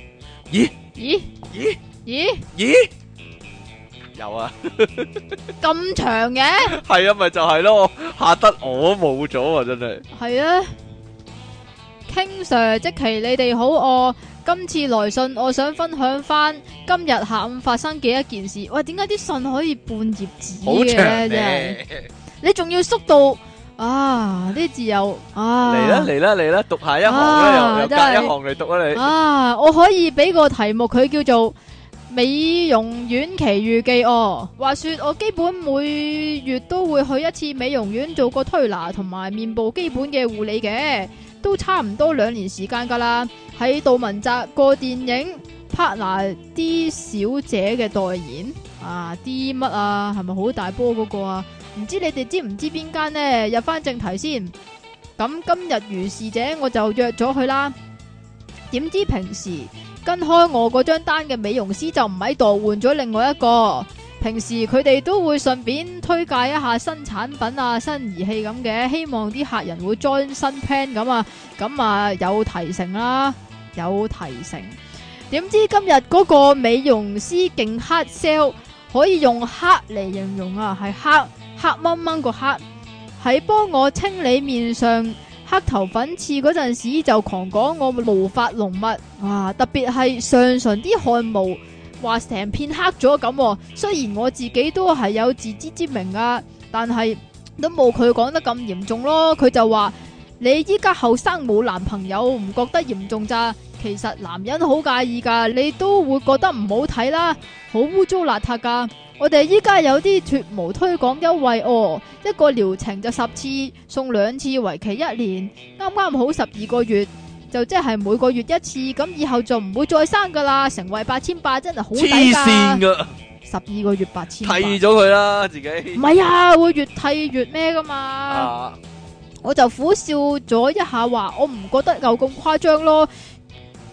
咦咦咦咦咦！咦咦咦有 [LAUGHS] [LAUGHS] 啊，咁長嘅係啊，咪就係咯，嚇得我冇咗啊，真係係啊 King Sir，即期你哋好我，今次來信，我想分享翻今日下午發生嘅一件事。喂，點解啲信可以半頁紙嘅啫？ [MUSIC] 你仲要縮到啊？啲字又啊，嚟啦嚟啦嚟啦，讀下一行啦，啊，又加一行嚟讀啊你啊，我可以俾個題目，佢叫做。美容院奇遇記哦，話說我基本每月都會去一次美容院做個推拿同埋面部基本嘅護理嘅，都差唔多兩年時間噶啦。喺杜汶澤個電影拍嗱啲小姐嘅代言啊，啲乜啊，係咪好大波嗰個啊？唔知你哋知唔知邊間呢？入翻正題先，咁今日如是者我就約咗佢啦。點知平時？跟開我嗰張單嘅美容師就唔喺度，換咗另外一個。平時佢哋都會順便推介一下新產品啊、新儀器咁嘅，希望啲客人會 join 新 plan 咁啊，咁啊有提成啦，有提成。點知今日嗰個美容師勁黑 sell，可以用黑嚟形容啊，係黑黑掹掹個黑，喺幫我清理面上黑頭粉刺嗰陣時就狂講我毛髮濃密，哇！特別係上唇啲汗毛，話成片黑咗咁。雖然我自己都係有自知之明啊，但係都冇佢講得咁嚴重咯。佢就話你依家後生冇男朋友，唔覺得嚴重咋？其實男人好介意噶，你都會覺得唔好睇啦，好污糟邋遢噶。我哋依家有啲脫毛推廣優惠哦，一個療程就十次，送兩次，為期一年，啱啱好十二個月，就即係每個月一次，咁以後就唔會再生噶啦。成為八千八真係好黐綫噶，十二個月八千八。剃咗佢啦，自己。唔係啊，會越剃越咩噶嘛？啊、我就苦笑咗一下，話我唔覺得有咁誇張咯。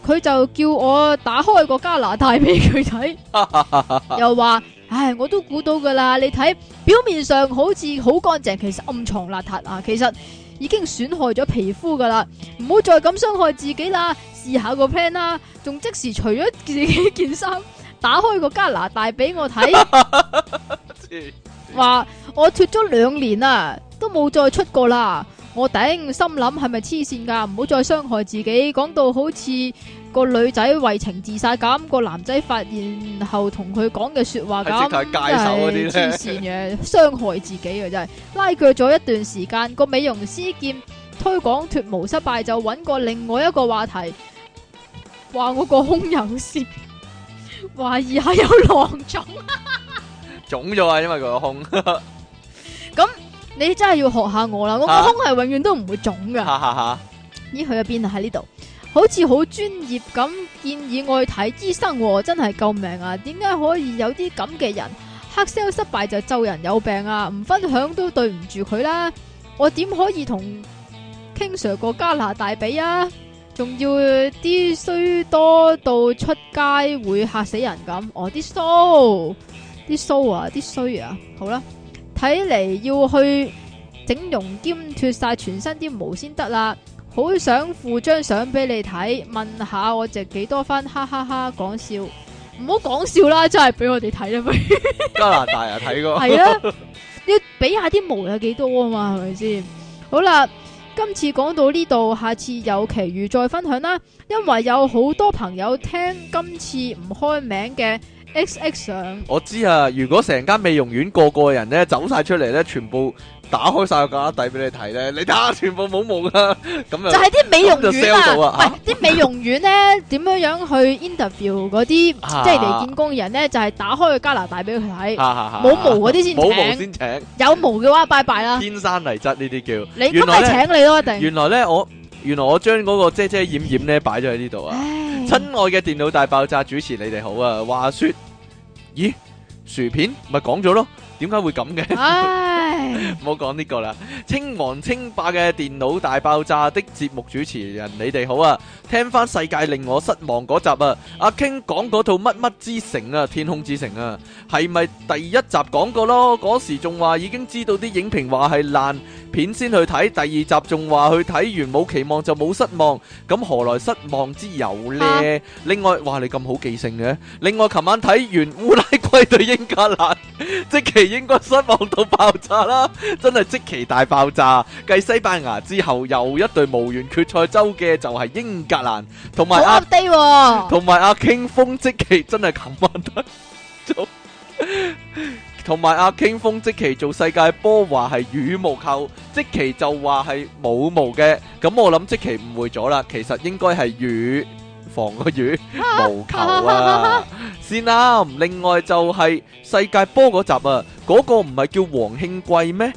佢就叫我打開個加拿大俾佢睇，又話：唉，我都估到噶啦。你睇表面上好似好乾淨，其實暗藏邋遢啊。其實已經損害咗皮膚噶啦，唔好再咁傷害自己啦。試下個 plan 啦，仲即時除咗自己件衫，打開個加拿大俾我睇，話 [LAUGHS] 神經病。我脫咗兩年啦，都冇再出過啦。我頂，心諗係咪黐線噶？唔好再傷害自己，講到好似個女仔為情自殺咁，個男仔發現後同佢講嘅說話咁，黐線嘅傷害自己啊！真係拉鋸咗一段時間，個美容師見推廣脫毛失敗，就揾過另外一個話題，話我個胸有事，懷疑係有囊腫，腫咗啊！因為佢個胸咁。 [LAUGHS] 你真係要學下我啦！我個胸係永遠都唔會腫嘅。 [LAUGHS] 咦，去咗邊啊？喺呢度，好似好專業咁建議我去睇醫生，哦、真係救命啊！點解可以有啲咁嘅人？黑 sell 失敗就咒人有病啊！唔分享都對唔住佢啦！我點可以同 king sir 過加拿大比啊？仲要啲衰多到出街會嚇死人咁！哦啲衰，啲衰啊，啲衰啊，啊，啊，啊！好啦。睇嚟要去整容兼脫晒全身啲毛先得啦，好想附張相俾你睇，問下我值幾多分，哈哈哈，哈，講笑，唔好講笑啦，真係俾我哋睇啦，俾加拿大啊睇 [LAUGHS] 過，係 [LAUGHS] 啊，要俾下啲毛有幾多啊嘛，係咪先？好啦，今次講到呢度，下次有其餘再分享啦，因為有好多朋友聽今次唔開名嘅。X X 上，我知啊！如果成間美容院個個人咧走晒出嚟咧，全部打開晒個架底俾你睇咧，你睇下全部冇毛，咁樣就係啲美容院啊，唔係啲美容院咧，點樣樣去 interview 嗰啲即係嚟見工人咧，就係打開去加拿大俾佢睇，冇毛嗰啲先請，冇毛先請，有毛嘅話拜拜啦，天生泥質呢啲叫，你今日請你咯，一定原來咧我原來我將嗰個遮遮掩掩咧擺咗喺呢度啊。親愛嘅電腦大爆炸主持，你哋好啊！話說，咦，薯片咪講咗咯？點解會咁嘅？唔好講呢個啦。稱王稱霸嘅電腦大爆炸的節目主持人，你哋好啊！聽翻世界令我失望嗰集啊！阿 King 講嗰套乜乜之城啊，天空之城啊，係咪第一集講過咯？嗰時仲話已經知道啲影評話係爛片先去睇，第二集仲話去睇完冇期望就冇失望，咁何來失望之有咧？另外，哇，你咁好記性嘅。另外琴晚睇完烏拉圭對英格蘭，積淇應該失望到爆炸啦，真係積淇大爆炸！繼西班牙之後，又一隊無緣決賽周嘅就係英格蘭，同埋阿同埋阿 King 風積淇真係琴晚得咗。同埋阿傾峰即其做世界波話係羽毛球，即其就話係冇毛嘅，咁我諗即其誤會咗啦。其實應該係羽防個羽毛球啦，啊、先、啊啊啊啊、啦。另外就係世界波嗰集啊，嗰、嗰個唔係叫王慶貴咩？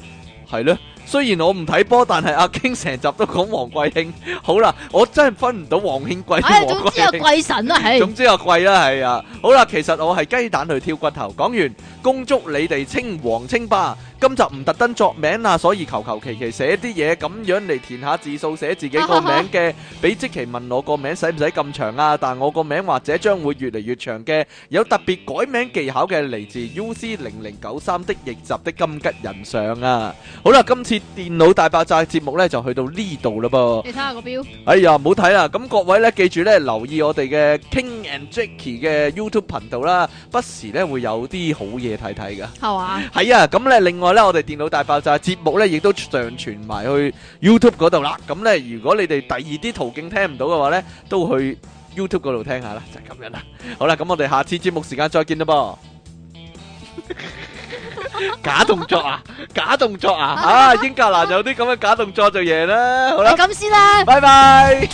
係咧。雖然我唔睇波，但係阿 King 成集都講黃貴慶。 [LAUGHS] 好啦，我真係分唔到黃慶貴同總之貴啊貴神啦，係 [LAUGHS] 總之貴啊貴啦，係啊。好啦，其實我係雞蛋去挑骨頭。講完恭祝你哋稱王稱霸。今集唔特登作名啊，所以求求其其寫啲嘢咁樣嚟填下字數，寫自己個名嘅，俾積淇問我個名使唔使咁長啊？但我個名或者將會越嚟越長嘅，有特別改名技巧嘅，嚟自 UC 零零九三的逆襲的金吉人上啊！好啦，今次電腦大爆炸節目咧就去到呢度啦噃。你睇下個表。哎呀，唔好睇啦！咁各位咧，記住咧，留意我哋嘅 King and Jackie 嘅 YouTube 頻道啦，不時咧會有啲好嘢睇睇噶。係嘛？係啊，咁咧另外，啦，我哋電腦大爆炸節目咧，亦都上傳埋去 YouTube 嗰度啦。咁咧，如果你哋第二啲途徑聽唔到嘅話咧，都去 YouTube 嗰度聽下啦。就係咁樣啦，好啦，咁我哋下次節目時間再見啦噃。假動作啊，假動作啊，啊，英格蘭有啲咁嘅假動作就贏啦。好啦，咁先啦，拜拜。